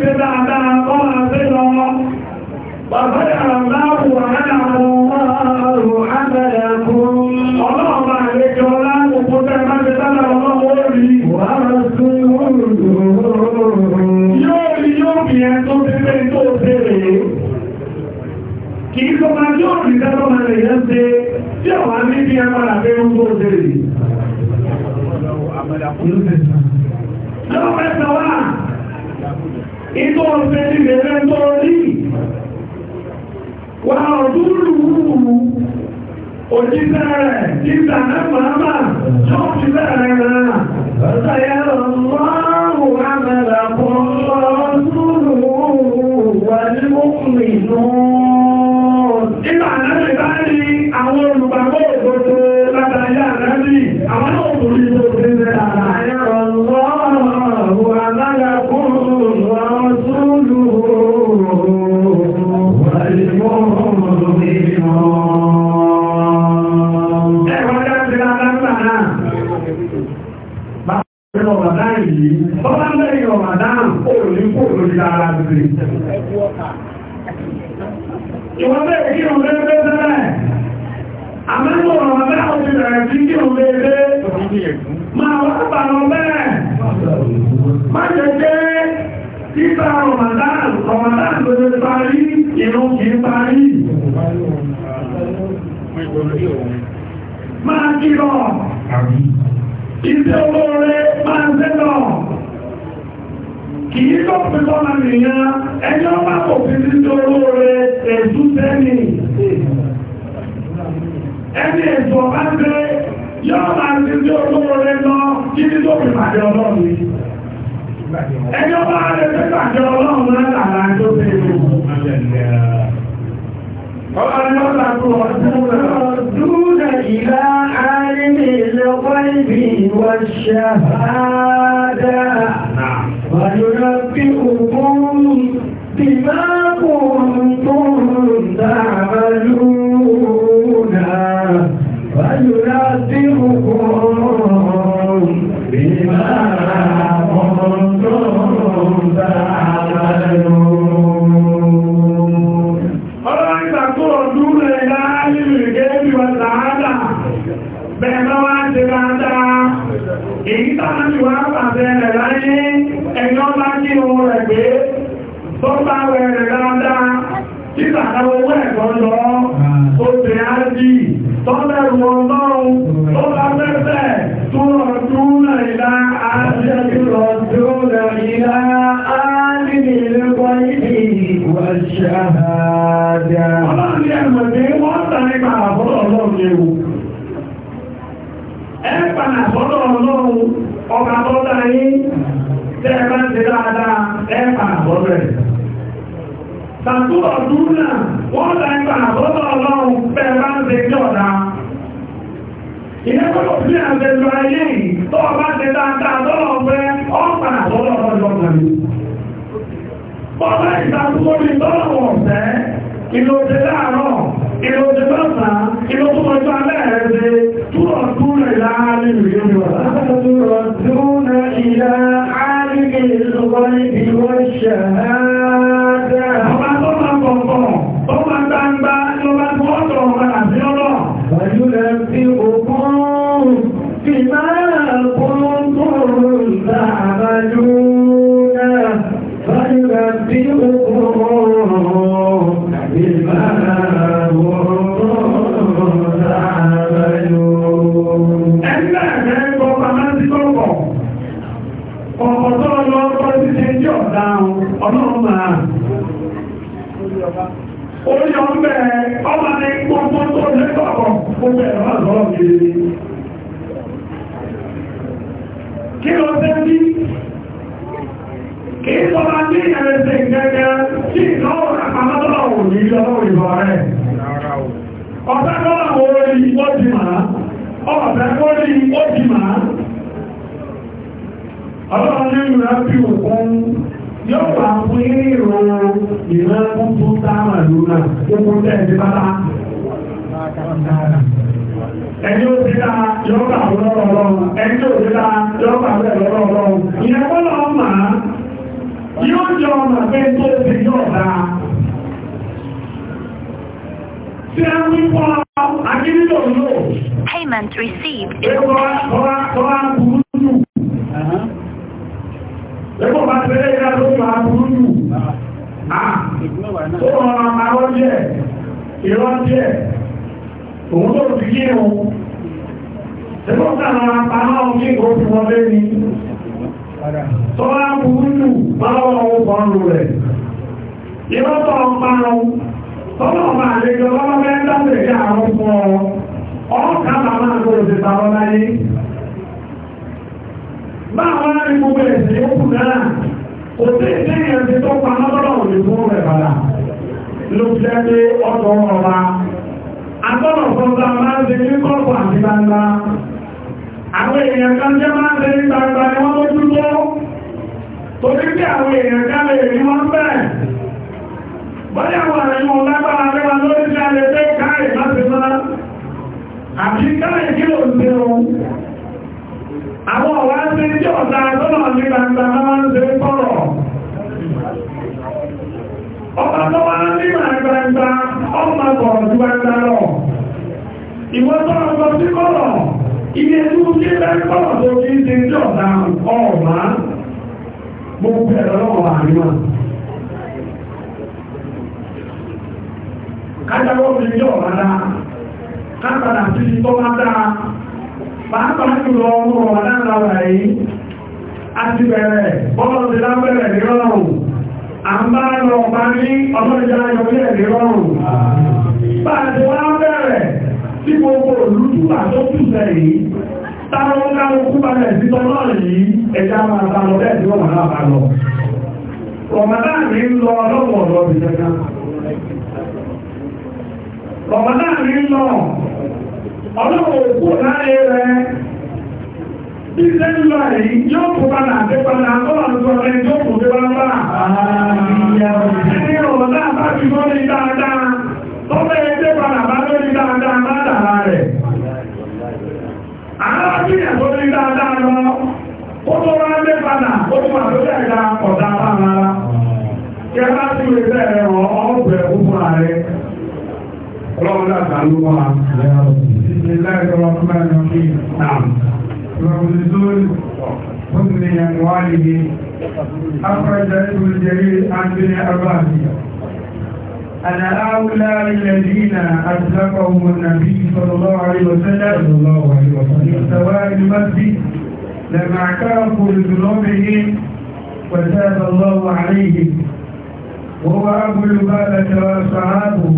A: ṣe dáadáa kọ́ àti lọ bàbá àláwò àláwò àrùn
B: ìtọ́ ọ̀fẹ́ ní bẹ̀rẹ̀
A: tọ́ rí wà ọ̀dúnrù òjíṣẹ́ rẹ̀ títà náà máa máa ṣọ́ọ̀tí bẹ̀rẹ̀ rẹ̀ rẹ̀ olórí òun. Máa kírọ̀. Ìṣe olóore máa ń sẹ́nà. Kì í lọ pé sọ́nà nìyẹn, ẹni ọba kò fi sí sí olóore èṣù
B: sẹ́ni. Ẹni èṣù ọba ṣe yóò máa ti sí olóore lọ kí ní tó fi pàdé ọlọ́run yìí. Ẹni ọba rẹ̀ fẹ́ pàdé ọlọ́run rẹ̀
A: وَأَنَّ إِلَى عَالِمِ الْغَيْبِ وَالشَّهَادَةِ وَيُنَبِّئُكُم بِمَا Tàtúrọ̀ dúnà wọ́n láìpá àbọ́bọ̀ ọlọ́run pẹ̀lá ń ṣe ní ọ̀dá. Ìyẹ́kọ̀ọ́ sí àjẹ́lú ayé yìí tó ọba ṣe dáadáa lọ́rọ̀ pẹ́ ọ̀pá àbọ́bọ̀ ọlọ́run. Bọ́lá ìtàkùnkọ́ mi lọ́rọ̀ ọ̀fẹ́, ìlòdè láàárọ̀, ìlòdè lọ́sàn-án, ìlòdúnmọ́jọ́ alẹ́ rẹ̀ ṣe túrọ̀ dúnà ìlà áàrin ìrìn ọ̀dá. Túrọ̀ dúnà ìlà áàrin ìrìn ọ̀dá. àti káàkiri kí ló ṣe o àwọn ọ̀wá ṣe tí ọ̀tá lọ́nà ní gbangba máa ń ṣe kọ́rọ̀
B: ọba tó wá ní gbangba ọmọ kọ̀rọ̀ ju gbangba
A: lọ ìwọ́n tó ọkọ̀ sí kọ́rọ̀ ilé tó ń ṣe bẹ́ẹ̀ kọ́rọ̀ tó kí ń ṣe tí ọ̀tá ọ̀mà gbogbo
B: ẹ̀rọ lọ́wọ́ àríwá
A: kájáwọ́ fi jọ ọ̀mà kápadà sí tó bá dáa pàápàá jùlọ ọmọ ọ̀dá lára yìí a ti bẹ̀rẹ̀ bọ́ọ̀lù ti lábẹ̀rẹ̀ ní rọrùn à ń bá lọ bá ní ọdún ìjà ayọ̀lẹ̀ ní rọrùn bá a ti wá bẹ̀rẹ̀ tí gbogbo òlú túbà tó túnṣẹ̀ yìí táwọn kálukú balẹ̀ sí tọ́lọ́ yìí ẹja máa bá lọ bẹ́ẹ̀ tí wọ́n máa bá lọ rọ̀mọ̀dá ní lọ ọlọ́wọ̀ ọ̀rọ̀ rọ̀mọ́dá rí lọ ọlọ́wọ́ òkú láyé rẹ̀ ndị ṣe ń lọ èyí yóò kó padà dé na tọ́lá tuntun rẹ̀ yóò kó dé wá bá ẹni rọ̀mọ́dá bá fi lórí dáadáa tọ́lá yẹn ọgwụ anyị. اللهم لا تعلمها بسم الله الرحمن الرحيم نعم حكم حسن أنواله أخرجته الجليل عن بن عباس أنا أولى الذين أسلمهم النبي صلى الله عليه وسلم صلى الله عليه وسلم سواء المسجد لما اعترفوا بذنوبهم وتاب الله عليهم وهو أبو البابة وأصحابه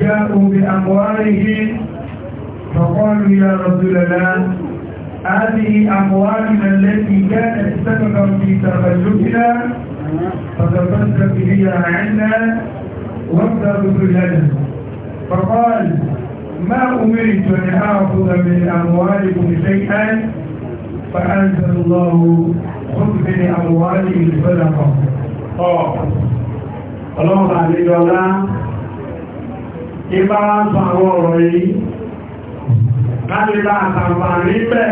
A: جاءوا بأموالهم فقالوا يا رسول الله هذه أموالنا التي كانت سببا في تخلفنا فتصدق بها عنا وابدا لنا فقال ما أمرت أن أعبد من أموالكم شيئا فأنزل الله خذ من أموالهم صدقة. آه. الله عليه وسلم ìbá wá sọ àwọn ọ̀rọ̀ yìí lálébá àtàǹfà níbẹ̀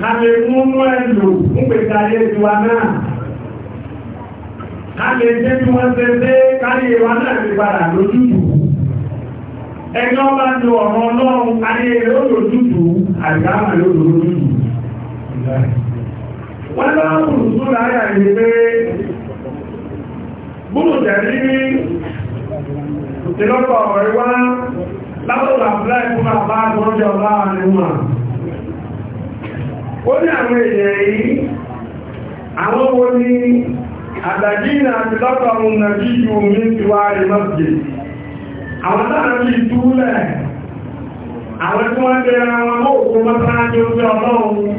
A: lálé múnú ẹ̀lò múgbèta ayé tiwa náà lálé jẹ́ tí wọ́n ṣe dé wa náà ti padà lójútù ẹni ọba ju ọ̀rọ̀ ọlọ́run ayé lójútù àgbáwà lójútù wọ́n lọ́wọ́ láyà ìlọ́pọ̀ ọ̀rọ̀ ìwá látọ̀lá fúláì fún àbá àgbọ́njọ́ láàrin wọn ó ní àwọn èèyàn yìí àwọn wo ni àdàjí àti lọ́pọ̀ ọ̀run omi ti wá rí àwọn àwọn wọ́n jẹ́ ara wọn mọ́kò mọ́sánájú ojú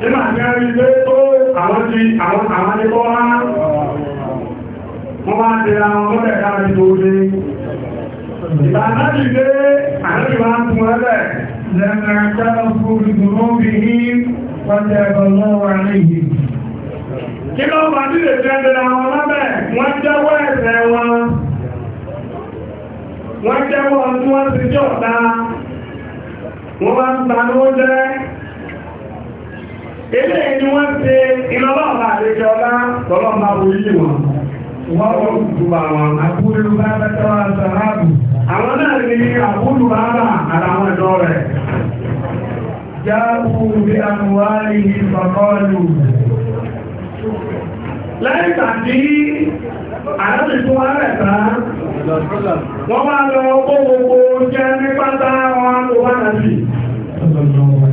A: nínú àmì àrí ilé tó àwọn ti àwọn àmàlẹ́kọ́ wá wọ́n wá tẹ́ra wọn lọ́dẹ̀ káàrí tó dé ìbànà ìdé àríwá tún ẹlẹ̀ lẹ́nà kára wọ́n tẹ́ wọ́n jẹ́wọ́ ẹ̀ṣẹ̀ wọn wọ́n bá ń ta ló jẹ́ ilé ni wọ́n ṣe ìlọ́lọ́ọ̀lá àlejò ọlá tọ́lọ́mà orílẹ̀ wọn wọ́n wọ́n dùbà wọn àbúrú bá bẹ́tẹ́ wọn àwọn náà ní àbúrú bá àtàwọn ẹ̀dọ́ rẹ̀ jáàbù bí àmúwárí ìfọ̀kọ́lù lẹ́yìn tàbí àdájìkú wọn rẹ̀ wọ́n máa lọ gbogbo jẹ́ ní pátá wọn náà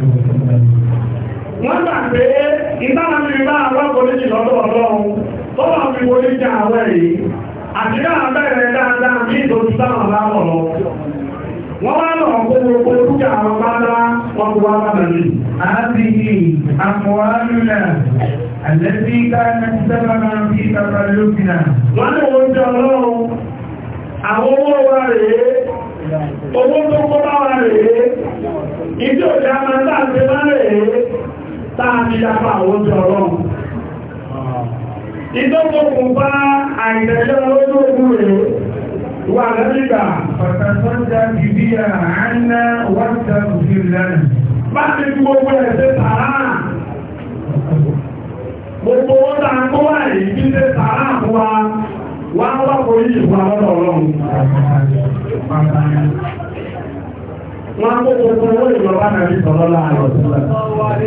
A: pé ìtànàmì bá alákòóléjì lọ́dọ̀ ọlọ́run tó wà fi wọlé jẹ àwẹ́ yìí àti náà bẹ̀rẹ̀ dáadáa ní ìdòtú táwọn aláwọ̀ lọ wọ́n wá lọ gbogbo dúkìá àwọn bàbá wọn kò wá bàbá mi. àbíyí àmọ́ánúnà àlẹ́bí káàkiri sábà máa fi bàbá lókìnà. wọ́n ní owó jẹ ọlọ́run àwọn owó wa rèé owó tó kọ́ bá wa rèé ìdí òjá máa ń tà táàmì yapa àwọn jọ ọlọ́run ìdókòkùn bá àìtẹ̀lẹ́ olóògùn rẹ̀ wà lẹ́gbà pàtàkọ́jà bìbí àánà wáta òfin lẹ́nà bá ti fi gbogbo ẹ̀ṣẹ̀ tààrà gbogbo ọ̀tà tó wà yìí ṣe tààrà fún wa wá wà kò yí ìwà lọ́dọ̀ ọlọ́run
B: wọ́n tó gbogbo owó wọ́n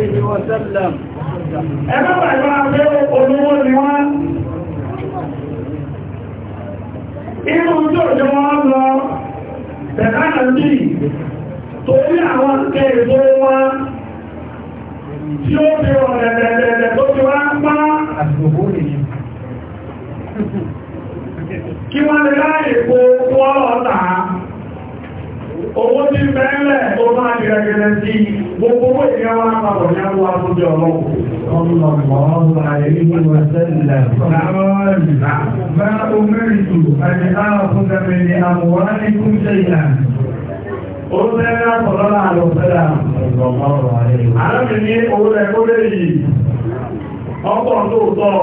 B: inú tí òjò
A: wọ́n kí wọ́n lè láàrín epo wọ́n ọ̀tàá owó tí bẹ́ẹ̀lẹ̀ ó máa jẹ́ gẹ́gẹ́ sí gbogbo owó ìyẹn wá pàpọ̀ ní àwọn àtúnjẹ ọlọ́pùn Orúkẹ́ náà pọ̀lọ́lá àlọ́fẹ́lá. Àrẹ́mì ní orúkẹ́ kó lè yìí, ọkọ̀ tó tọ́,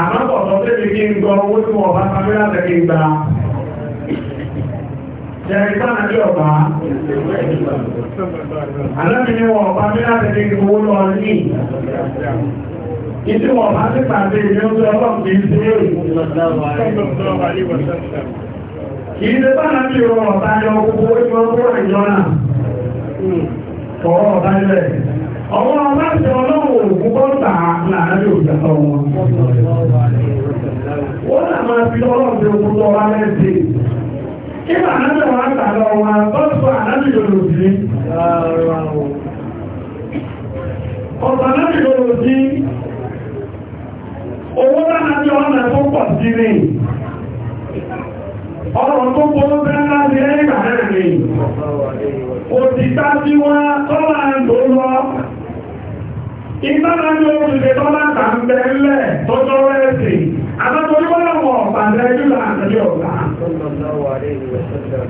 A: àmọ́kọ̀ tọ́ tẹ́lẹ̀ kí ń gọ owó tí wọ́n bá pàmílá tẹ́lẹ̀ gbà. Jẹ́rìsánà ní bá ti pàdé ìlú ọjọ́ ọlọ́pù ní sí èrè. Kìí bá náà bí ìrọ̀ ọ̀bá ní ọkùnkùn ó ọkùnkùn àìjọ náà. Kọ̀ọ̀ ọ̀bá ilẹ̀. Ọwọ́ ọlá ti ọlọ́wọ̀ òkú bọ́ta láàárín òjò Kíkà náà wà tààrà ọmọ àtọ́sọ àdájì lòrò sí. Ọ̀sán láti lòrò sí, owó láti ọ̀nà tó pọ̀ sí ní. Ọ̀rọ̀ tó pọ̀lọ́ bẹ́ẹ̀ láti ẹ́gbà náà ní. Òtítà tí wọ́n tọ́lá ń lò lọ. Ìtọ́lá ní orílẹ̀ tọ́lá tàbí ẹlẹ́ tọ́jọ́ rẹ̀ sí. Àtàkùn ìwọ́n ọ̀pàdé jùlọ àtàkùn ọ̀gá
B: sallallahu alaihi wa sallam.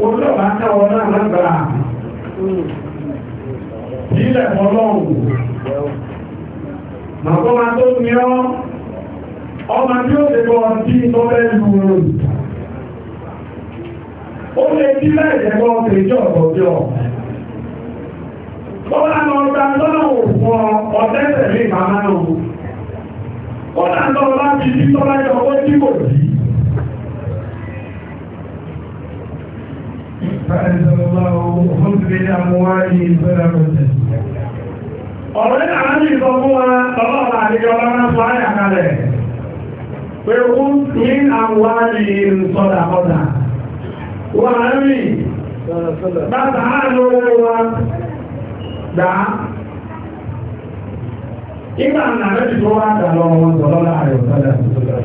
B: olóòwà náà wọn náà lágbàá ilẹ̀ ọlọ́run màkọ́ máa tó
A: ní ọ́ ọmọ tí ó lè bọ́ sí tọ́lẹ̀ lúurú ó lè tí lẹ́ẹ̀dẹ́gbọ́ pèjọ ọ̀gọ́jọ́ kọ́lá lọ gba lọ́nà òfò ọ̀tẹ́sẹ̀ ní ìmàmánà ọ̀dá lọ bá fi sí tọ́lẹ̀ ọgbọ́ tí kò sí فأنزل الله خذ من أموالهم صدقة ọ̀rọ̀ ní àwọn ìsọ fún wa ọlọ́rọ̀ àdíjọ bá rán sọ ayà kalẹ̀ pé ó ní àwọn àdìyí sọ́dà ọ̀dà Nígbà ní àmẹ́bì tó wá dà lọ wọn tọ̀lọ́ láàrin ọ̀sọ́lẹ̀.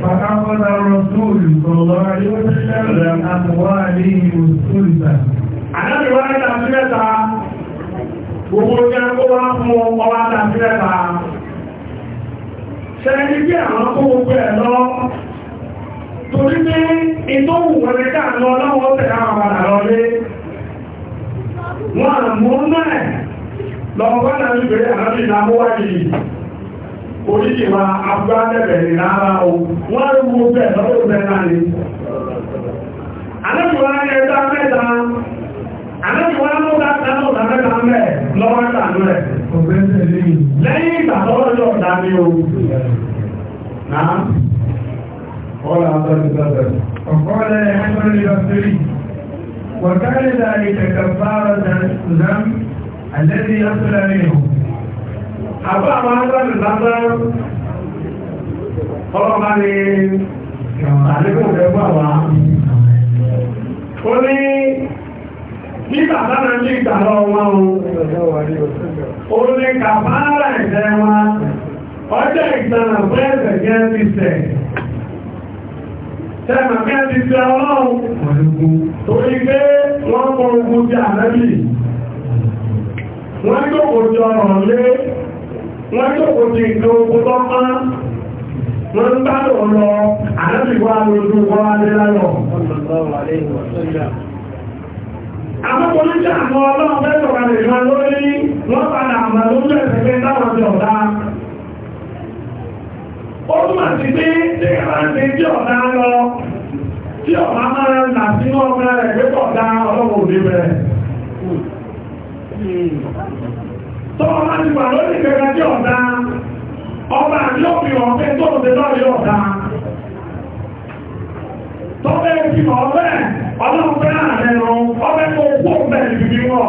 A: Fàkàkọ́ta rọ̀súùlù tọ̀lọ́ yóò ṣẹlẹ̀ àtọwà ní ìrùsúlùsà. Àdábì wá ní àfílẹ́ta, gbogbo jẹ́ kó wá fún ọwá ní àfílẹ́ta. Ṣẹ́ni bí àwọn kó gbogbo ẹ̀ lọ, torí pé ìtòhùn wọlé káàkiri ọlọ́wọ́ tẹ̀ àwọn padà lọlé. Wọ́n àmú náà lọ́wọ́ bá náà ń gbé àmì ìlàmúwáyìí oníṣìmá agbádẹ́bẹ̀ ní rárá o wọ́n rí mú bẹ́ẹ̀ lọ́wọ́ bẹ́ẹ̀ náà ni anẹ́bùwá ní ẹgbẹ́ mẹ́ta anẹ́bùwá ló bá tẹ́lọ̀ mẹ́ta mẹ́ lọ́wọ́ ìtànú ẹ̀ lẹ́yìn ìgbà tọ́wọ́ yọ̀ dá ní o náà ọ̀rọ̀ àtọ́jú وقال الحسن البصري وكان ذلك كفارة ذنب الذي أصل منه àbá àwọn aláàrẹ lábá ọlọ́mà ni àdékùn ẹgbà wá ó ní ní bàbá náà ní ìgbàlọ́ wọn ó ní kàfàárà ẹ̀jẹ̀ wọn ọjọ́ ìgbàlọ́ fún ẹ̀sẹ̀ jẹ́ ti sẹ̀ Tẹ́mà kẹ́ ti tẹ ọlọ́run torí pé wọ́n kọ ogun jọ ọ̀rọ̀ lé wọ́n jókòó ti ìgbé ogun tó pán wọ́n ń bá lọ lọ àdájúwá lójú wọ́n adé lálọ́ àwọn polisi àwọn ọlọ́run fẹ́ sọ̀rọ̀ lè máa lórí wọ́n padà àmà ló ń bẹ̀rẹ̀ pé táwọn ti ọ̀dá ó túnmà sí pé tí ẹ̀rọ ń ti ọ̀dá lọ tí ọ̀dá máa ń nà sínú ọmọ rẹ̀ pé ọ̀dá ọlọ́run òbí rẹ̀
C: tó ọmọ ti wà lórí ìgbẹ̀rẹ̀ tí ọ̀dá
A: ọba àti òfin ọ̀fẹ́ tó ọ̀dẹ́ lọ́rí ọ̀dá tó bẹ́ẹ̀ ti mọ̀ ọ̀fẹ́ ọlọ́pẹ́ àrẹ̀rọ ọbẹ̀ tó kó bẹ̀rẹ̀ ìbí wọ̀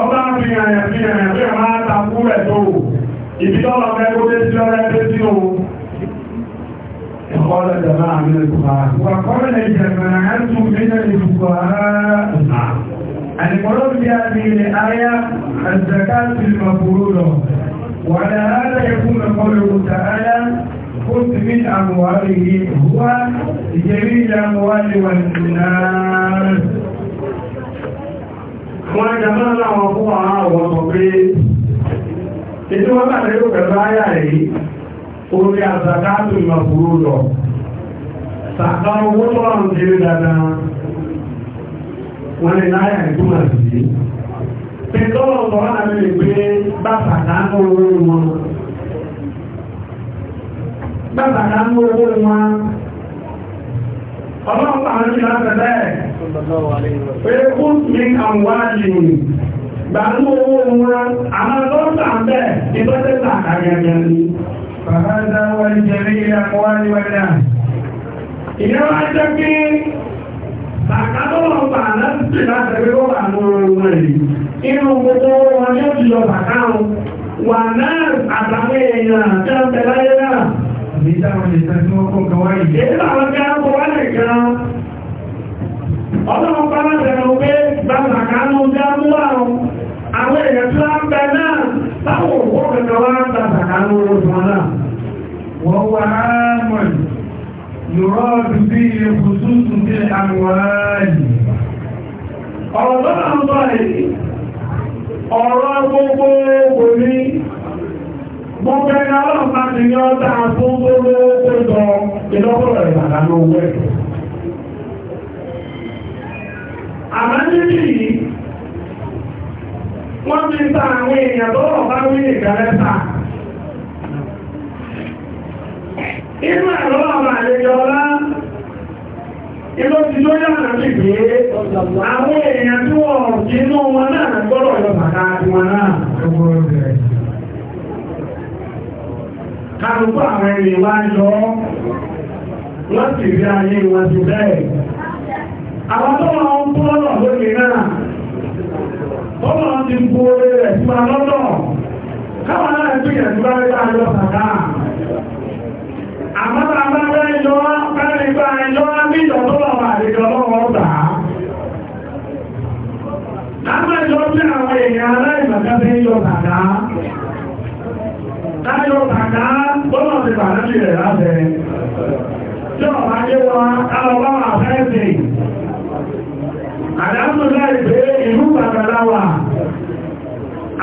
B: ọba fi àyàn fi àyàn fi àmà àtàkù rẹ̀
A: tó ìbí lọ́wọ́ fẹ́ kó dé sí ọ̀rẹ́ pé sí òun قال جماعة من الفقهاء وقال الجماعة من الفقهاء نعم القرآن في هذه الآية الزكاة المفروضة وعلى هذا يكون قوله تعالى خذ من أموالهم هو لجميع الأموال والناس wọ́n jẹmọ́ láwọn fún àwọn àwọn ọmọ pé títí wọ́n bàtẹ̀ yóò pẹ̀lú wọ́n lè láyà ìtumọ̀ sí i. Pẹ̀lọ́wọ́ ọ̀pọ̀ wọn àmì lè gbé bàbà náà owó wọn. Bàbà náà owó wọn. Ọlọ́pàá ń ṣe láti bẹ́ẹ̀. Pé kú mi kàn wá yìí. Gbàgbó owó wọn, àwọn ọlọ́pàá ń bẹ̀ ìtọ́jú àkàgẹ̀gẹ̀ ni. Bàbá ń dáwọ́ ìjẹ̀rí ìyàwó wáyé wáyé náà.
C: Ìyẹ́wà jẹ́
A: pé Bàkátọ́lọ̀ ń bà láti pè láti ẹgbẹ́ ó bà mọ́ ọmọ rẹ̀. Inú gbogbo wọn ni ó ti lọ bàkáhùn. Wà náà àtàwọn èèyàn tí ó ń tẹ láyé náà. Èyí táwọn ìṣẹ́ tí wọ́n kọ́ kan wáyé. Èyí táwọn tí wọ́n kọ́ wáyé kan. Ọlọ́run bá láti ẹnu pé bá bàkánú já mú àrùn. Àwọn èèyàn tí wọ́n ń bẹ náà táwọn òkú mọ̀ يراد به خصوص في الأموال ọ̀rọ̀ báyìí ọ̀rọ̀ gbogbo ní gbogbo ẹ̀nà ọlọ́pàá ti ní ọta fún gbogbo pẹ̀lú ìlọ́pọ̀lọ̀
B: ìbàdà ní owó ẹ̀
A: wọ́n ti ta àwọn èèyàn tó rọ̀ bá ìgbàlẹ́ta inú ẹ̀rọ àwọn àlejò ọlá inú ya yọ bàtà wọ́n sì rí ayé wọn ti bẹ́ẹ̀ àwọn tó ń kú lọ́nà náà ti kú orí rẹ̀ sí wa lọ́nà káwọn náà gbìyànjú bá rí ayọ̀
B: àmọ́ta bá rẹ̀
A: yọ bẹ́rẹ̀ bá yọ níjọ tó lọ bà níjọ lọ́wọ́ bà á
B: lámẹ́jọ tí àwọn èèyàn aláìmọ̀ká fi yọ tàdá láyọ tàdá gbọ́nà ti bà náà rẹ̀ lábẹ́
A: tí ọ̀bá yé wa alọ́bá wà fẹ́ẹ̀sì àdámù láì pé ìlú bàtàláwà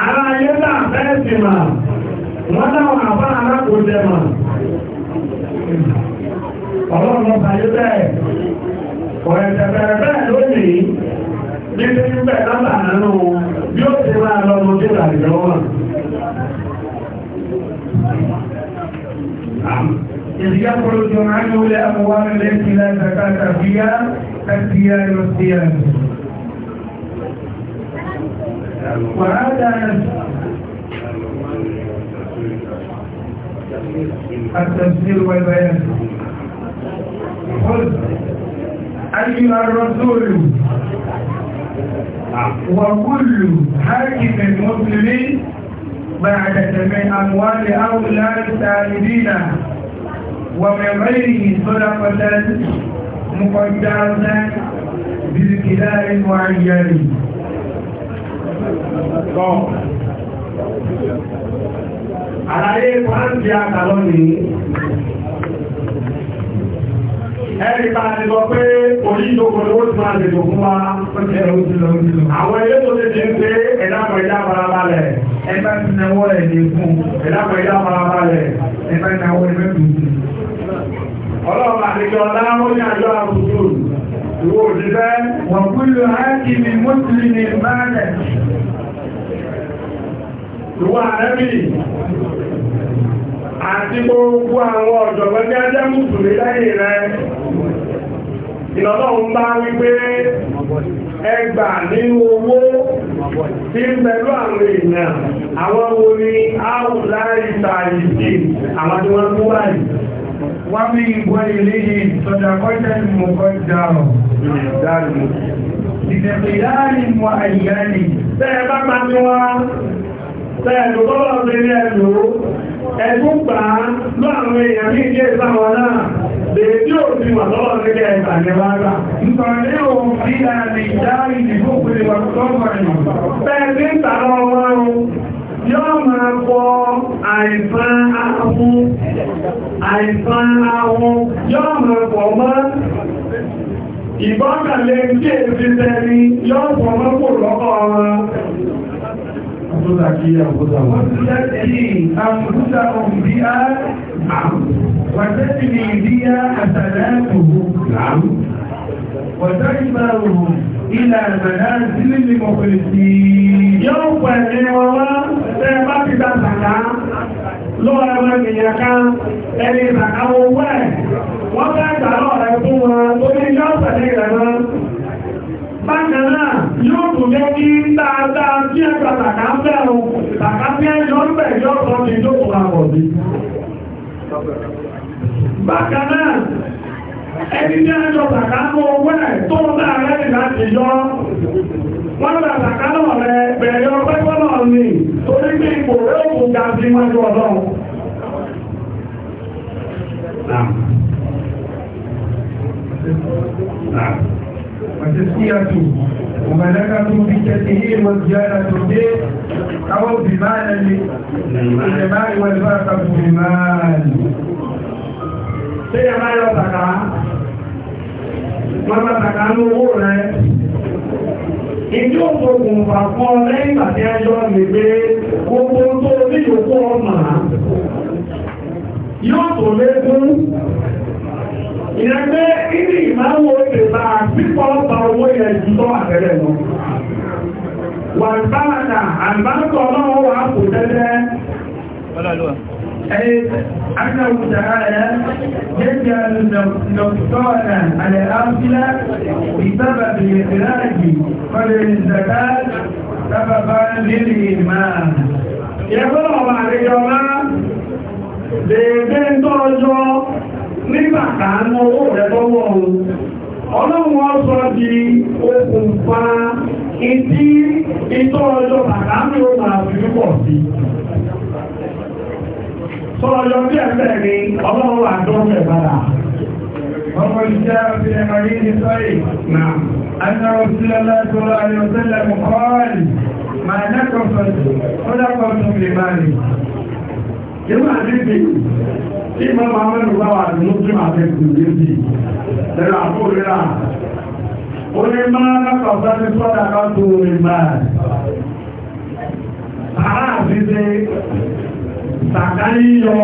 B: aláyé náà
A: ọlọ́run ọba yóò bẹ́ẹ̀ ọ̀rẹ́sẹ̀ bẹ̀rẹ̀ bẹ́ẹ̀ lónìí ní pé ń bẹ̀ lọ́bà nínú bí ó ti máa lọ mú sí ìrìnàjò wọn.
B: ìdíyà kúrò tó máa
A: ń wọlé àmúwá nílé sí lẹ́sẹ̀ká tàbíyá tàbíyá
B: التفسير
C: والبيان
A: أيها الرسول وكل حاكم مسلم بعد جميع أموال أولاد السالمين ومن غيره صدقة مقدرة بالكلال معين. Àlàyé Kọ́ńtì àkàlọ́ nìyí ẹni bá ti sọ pé oníṣòwò ló ti máa lè tó fún wa àwọn ilé tó ti ti ń pé ẹ̀dàpọ̀ ẹ̀dá farabalẹ̀ ẹgbẹ́ ti náwó ẹ̀ fún ẹ̀dàpọ̀ ẹ̀dá farabalẹ̀ ẹgbẹ́ náwó ẹgbẹ́ tó ti ọlọ́run àti gbogbo àwọn ọ̀jọ̀gbọ́n jẹ́ mùsùlùmí lẹ́yìn rẹ̀ ìlọ́lọ́run bá wípé ẹgbà nínú owó tí ń bẹ̀rù àwọn èèyàn àwọn wo ni áwù láàrín ìtàìsì àwọn tí wọ́n kú báyìí wọ́n bí ìgbọ́ ilé yìí sọ́jà kọjá ìmọ̀kọ́ ìdáàrùn ìdáàrùn ìdẹ̀kìdáàrí mọ́ àìyáni tẹ́ẹ̀ bá pa Èdí òfin wà lọ́wọ́ gẹ́gẹ́ ẹ̀ta ìrẹ́lára. Nítorí òun bí i àrí ìdárí ìdìbò òfin wà lọ́wọ́ ẹ̀yìn. Bẹ́ẹ̀ ní ìtàrọ ọlọ́run yóò máa kọ àìsàn ahun, àìsàn ahun yóò máa kọ mọ́. Ìbọ́kànlé tí èsì tẹni yóò kọ mọ́ kò lọ́kọ̀ wọn. Àtúndà kí àbúdà wọn. Ó ti jẹ́ sí àbúdà òun bí i وتجري بها حسناتهم نعم وتجبرهم إلى منازل المخلصين يوم فاتن وراء سيما في ذاتك lọ́wọ́ ẹwà ènìyàn ká ẹni ìsàkáwọ̀ owó ẹ̀ wọ́n bá ìtàlọ́ rẹ̀ fún wọn tó ní yọ́ pẹ̀lẹ̀ rẹ̀ rán bákan náà yóò tún jẹ́ kí dáadáa tí ẹ gba tàkà fẹ́ràn tàkà fẹ́ yọ́ pẹ̀ yọ́ sọ́
B: bákan náà
A: ẹni tí a jọ bàkà mọ́ owó ẹ̀ tó ń bá rẹ̀ ní láti yọ wọ́n bá bàkà náà rẹ̀ bẹ̀rẹ̀ ọgbẹ́ gbọ́nà ní torí pé ipò rẹ̀ ga sí wájú ọlọ́run.
B: وتزكية
A: وملكة بكثير وزيادة به أو بمال للماء والبركة بمال tí ẹ bá yọ tàkà mọ́ta tàkà ní owó rẹ̀ ìjọ òkùnkùn pàpọ̀ lẹ́yìn àti ẹjọ́ lèbe gbogbo tó ní ìyókù ọmọ
B: yóò tó lẹ́gún ìrẹ́gbẹ́
A: ìdí ìmáwó ìpèsà pípọ̀ ọ̀pá owó yẹn jùlọ àtẹ́lẹ̀ lọ wà ń bá àdà àgbáńkọ̀ náà wà á kò tẹ́lẹ̀ أي أنه تعالى يجعل النقصان على الأمثلة بسبب إخراج قدر الزكاة سببا للإيمان يقول الله عليه وسلم lèèdè tó ọjọ́ nígbàtà náwó rẹ̀ lọ́wọ́ ohun ọlọ́run ọjọ́ di okùnfà ìdí ìtọ́ ọjọ́ bàtà ní ohun àfihàn pọ̀ sí i sọ̀rọ̀ yọ bí ẹ̀fẹ́ ni ọlọ́run wà tó ń fẹ̀ padà. ọmọ ìṣẹ́ àti ẹ̀mọ̀ yìí ni sọ́yì náà anna rasulallah sọ̀rọ̀ ayọ̀sẹ́lẹ̀ mọ́ọ̀lì máa nẹ́kọ̀ọ́ sọ̀tù ó dákọ̀ọ́ tó lè máa rìn. Ìmọ̀ àdébì tí mọ́ máa mẹ́rin bá wà ní ojú àtẹ́kùn lébì lẹ́rọ àkórírà. Ó ní máa lápá sáré sọ́dà ká tó rìn máa. Àá àti sàkárí yọ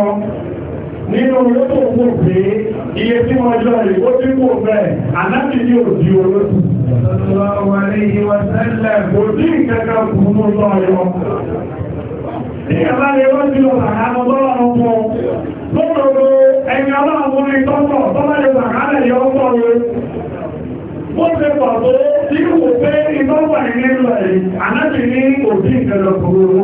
A: nínú olóko kò pé iye tí wọ́n yọ rẹ̀ ó ti kò bẹ́ẹ̀ àlábì ní òdì olóko. Kò sí ìkẹ́kẹ́ kùnú lọ yọ. Ní àbáyé wọ́n ti lọ sàkánú lọ́wọ́ ọmọ. Lọ́dọ̀dọ̀ ẹni aláàbọ̀ ní tọ́tọ̀ tọ́lá yóò sàkánẹ̀ yọ ọ́ Mo ṣe pọ̀ tó tí kò pé ìtọ́wà ìrìnlẹ̀ ànájì ní òdí ìkẹlẹ̀ kòrò.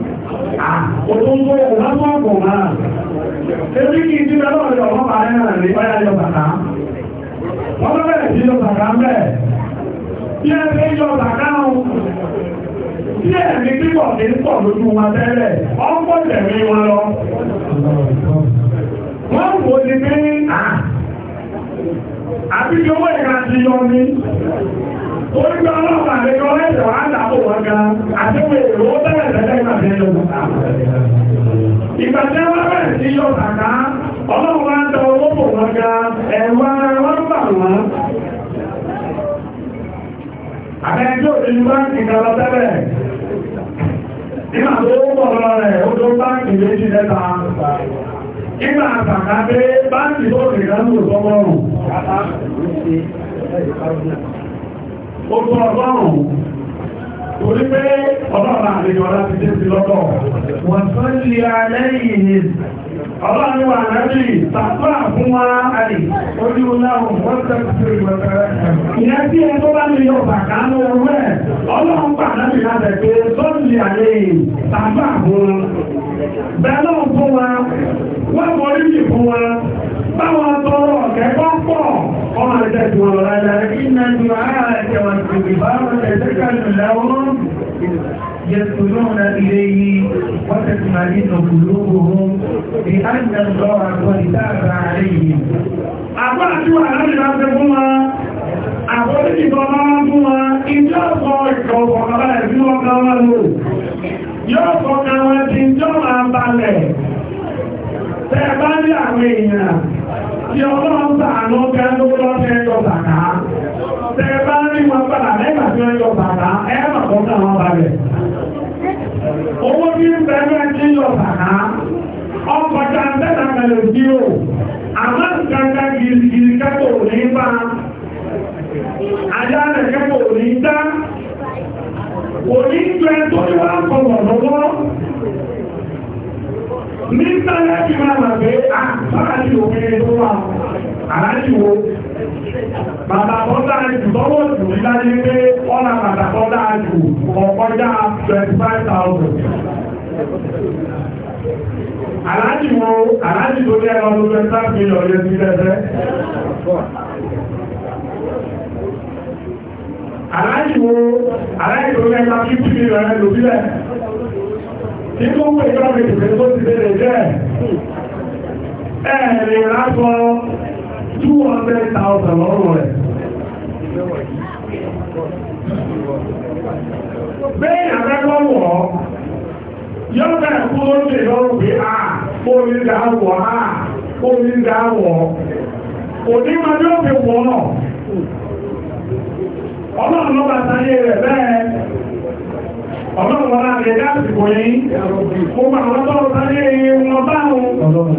A: òtútù ọ̀gbọ́n máa Ebí kí n ti lọ lọ́rọ̀ ọmọ bàá náà ní báyá yọ bàtà. Wọ́n bá bẹ̀rẹ̀ sí yọ bàtà ń bẹ̀. Bí ẹ fi yọ bàtà ń bí ẹ̀mí pípọ̀ ní pọ̀ lójú wọn tẹ́lẹ̀, ọ̀pọ̀ tẹ̀mí wọn lọ. Wọ́n wò ní pé àbíjọwọ́ ìrántí yọ ní torí pé ọlọ́run àlejò ẹ̀sẹ̀ wá dàbò wọn gan àdéhùn èrò ó bẹ̀rẹ̀ lẹ́jẹ́ ìgbà tí ẹjọ́ bàtà. ìgbà tí wọ́n bẹ̀rẹ̀ sí yọ bàtà ọlọ́run wá ń tọ owó bò wọn gan ẹ̀wọ́ ara wọn bà wọ́n. àbẹ̀jọ́ òṣèlú báńkì tó ó bọ̀ lọ rẹ̀ ó àtàkà pé báńkì tó rìn lọ́nà òṣọ́mọ́rùn ó tó ọgọ́rùn-ún torí pé ọlọ́run àlejò ọlá ti dé sí lọ́tọ̀ wọ́n tó ṣe alẹ́yìn ní ọlọ́run wà lẹ́bí tàbí àfún wa àlè ojú láwọn wọ́n tẹ́kù sí ìwọ̀tẹ́rẹ́ ìyẹn tí ẹ tó bá mi yọ bàkà ní owó ẹ̀ ọlọ́run pà lẹ́bí láti pé tó ṣe alẹ́yìn tàbí àfún bẹ́ẹ̀ náà fún wa wọ́n mọ̀ orí fún wa báwọn tọrọ ọ̀kẹ́ bá pọ̀ ọmọ ìtẹ̀sùn ọ̀rọ̀ ẹ̀dà iná ju ara ẹ̀tẹ̀wọ̀n tó bí bá wọ́n tẹ̀sẹ̀ kàlù láwọn يدخلون إليه وتتمعين قلوبهم بأن الله قد تاب عليهم Àbájú àrẹ́lẹ́ àti fún wa, àbọ́lẹ́kì bọ́lá fún wa, ìjọ ọ̀pọ̀ ìkọ̀ọ̀pọ̀ ọ̀rẹ́ ìbí wọn kan wá lò. Yóò fọ́kànwẹ́ ti jọ́ máa balẹ̀ tẹ́ bá àwọn èèyàn tí ọlọ́run sàánú gẹ́ lọ́tẹ́ ẹjọ́ sàkà tẹ́ bá wọn padà lẹ́gbà tí wọ́n sàkà ẹ̀rọ náà balẹ̀ owó tí ń bẹ̀rẹ̀ tí yọ sàkà
B: ọkọ̀ jàǹdẹ́nà
A: sí o àmọ́ ìkàkà gìrìgìrì kẹ́kọ̀ọ́ bá
B: ajá rẹ̀ kẹ́kọ̀ọ́ ní dá òní jẹ́ tó
A: nígbà láti máa mà pé àbáàlì òfin tó wà àlájìwò bàbá tó dáa jù lọ́wọ́ jù láyé pé ọ̀là bàbá tó dáa jù ọ̀kọjá 25,000 àlájìwò àlájì tó jẹ́ ọdún 25 million yẹn ti lẹ́sẹ̀ àlájìwò àlájì tó jẹ́ 50 million yẹn lò sílẹ̀
B: nínú owó ìjọba ìpínlẹ̀ tó
A: ti bẹ̀rẹ̀ jẹ́ ẹ̀rẹ̀ rákọ 200,000 lọ́rùn rẹ̀
B: bẹ́ẹ̀ àrẹ́kọ́
A: wọ̀ yóò bẹ̀rẹ̀ kú lórí lọ́rùn pé à orí ń dáwọ̀ à orí ń dáwọ̀ onímọ̀ yóò fi wọ̀ náà ọlọ́run ló bàtà yé rẹ̀ bẹ́ẹ̀ ọlọ́run wọn náà lè dáàbìbò yìí mo máa wọ́n tọ́rọ sáré wọn báhùn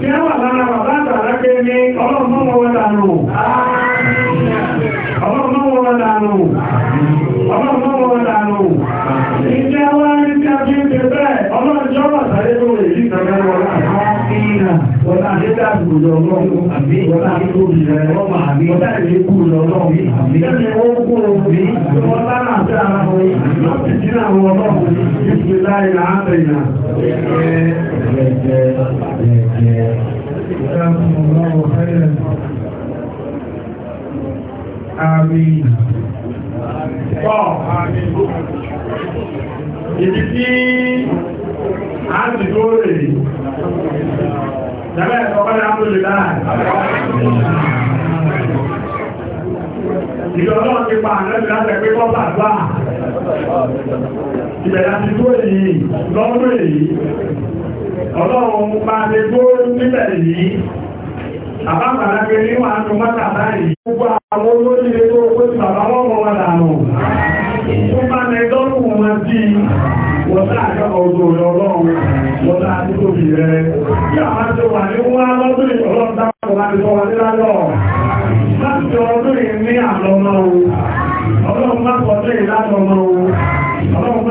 A: tí a wà lára bàbá àtàràkẹ́ ní ọlọ́run mọ́ wọn dànù ọlọ́run ìjẹ́ wá ní tí a fi ń ṣe bẹ́ẹ̀ sáré lórí ìdí ìtàgẹ́rẹ́ wọn náà wọ́n àti dáàbò lọ lọ́wọ́ àbí wọ́n àti tóbi rẹ̀ lọ́wọ́ àbí wọ́n àti lè kú lọ lọ́wọ́ àbí lẹ́nu ó kú òbí wọ́n bá náà sí ara wọn wọ́n ti dín àwọn ọlọ́wọ́ ìṣẹ́ láì náà bẹ̀yà. Àmín. Àmín. Ìdí tí a ti tó rè jẹ́bẹ̀ ọ̀pọ̀lá tó lè dáa
B: ìjọlọ́ ti pa
A: àrẹ́bì láti pé kọ́pà gbà ìbẹ̀rẹ̀ ti tó èyí lọ́dún èyí ọlọ́run ti tó níbẹ̀ yìí mọ́ta báyìí gbogbo àwọn olóyìn tó kó ti bàbá wọ́n mọ́ wọn dànù Ìtúbánẹ̀dọ́rùn wọn sí wọ́tá àkọ́kọ̀ ojú ọlọ́run, wọ́tá àdúgbò bì rẹ̀. Yọ́ àwọn tó wà ní wọ́n lọ́dún ìrọ̀lọ́dá kọ̀ láti sọ wà nílá lọ.
C: Láti ọdún ìní àlọ́mọ́ o, ọlọ́run má kọ̀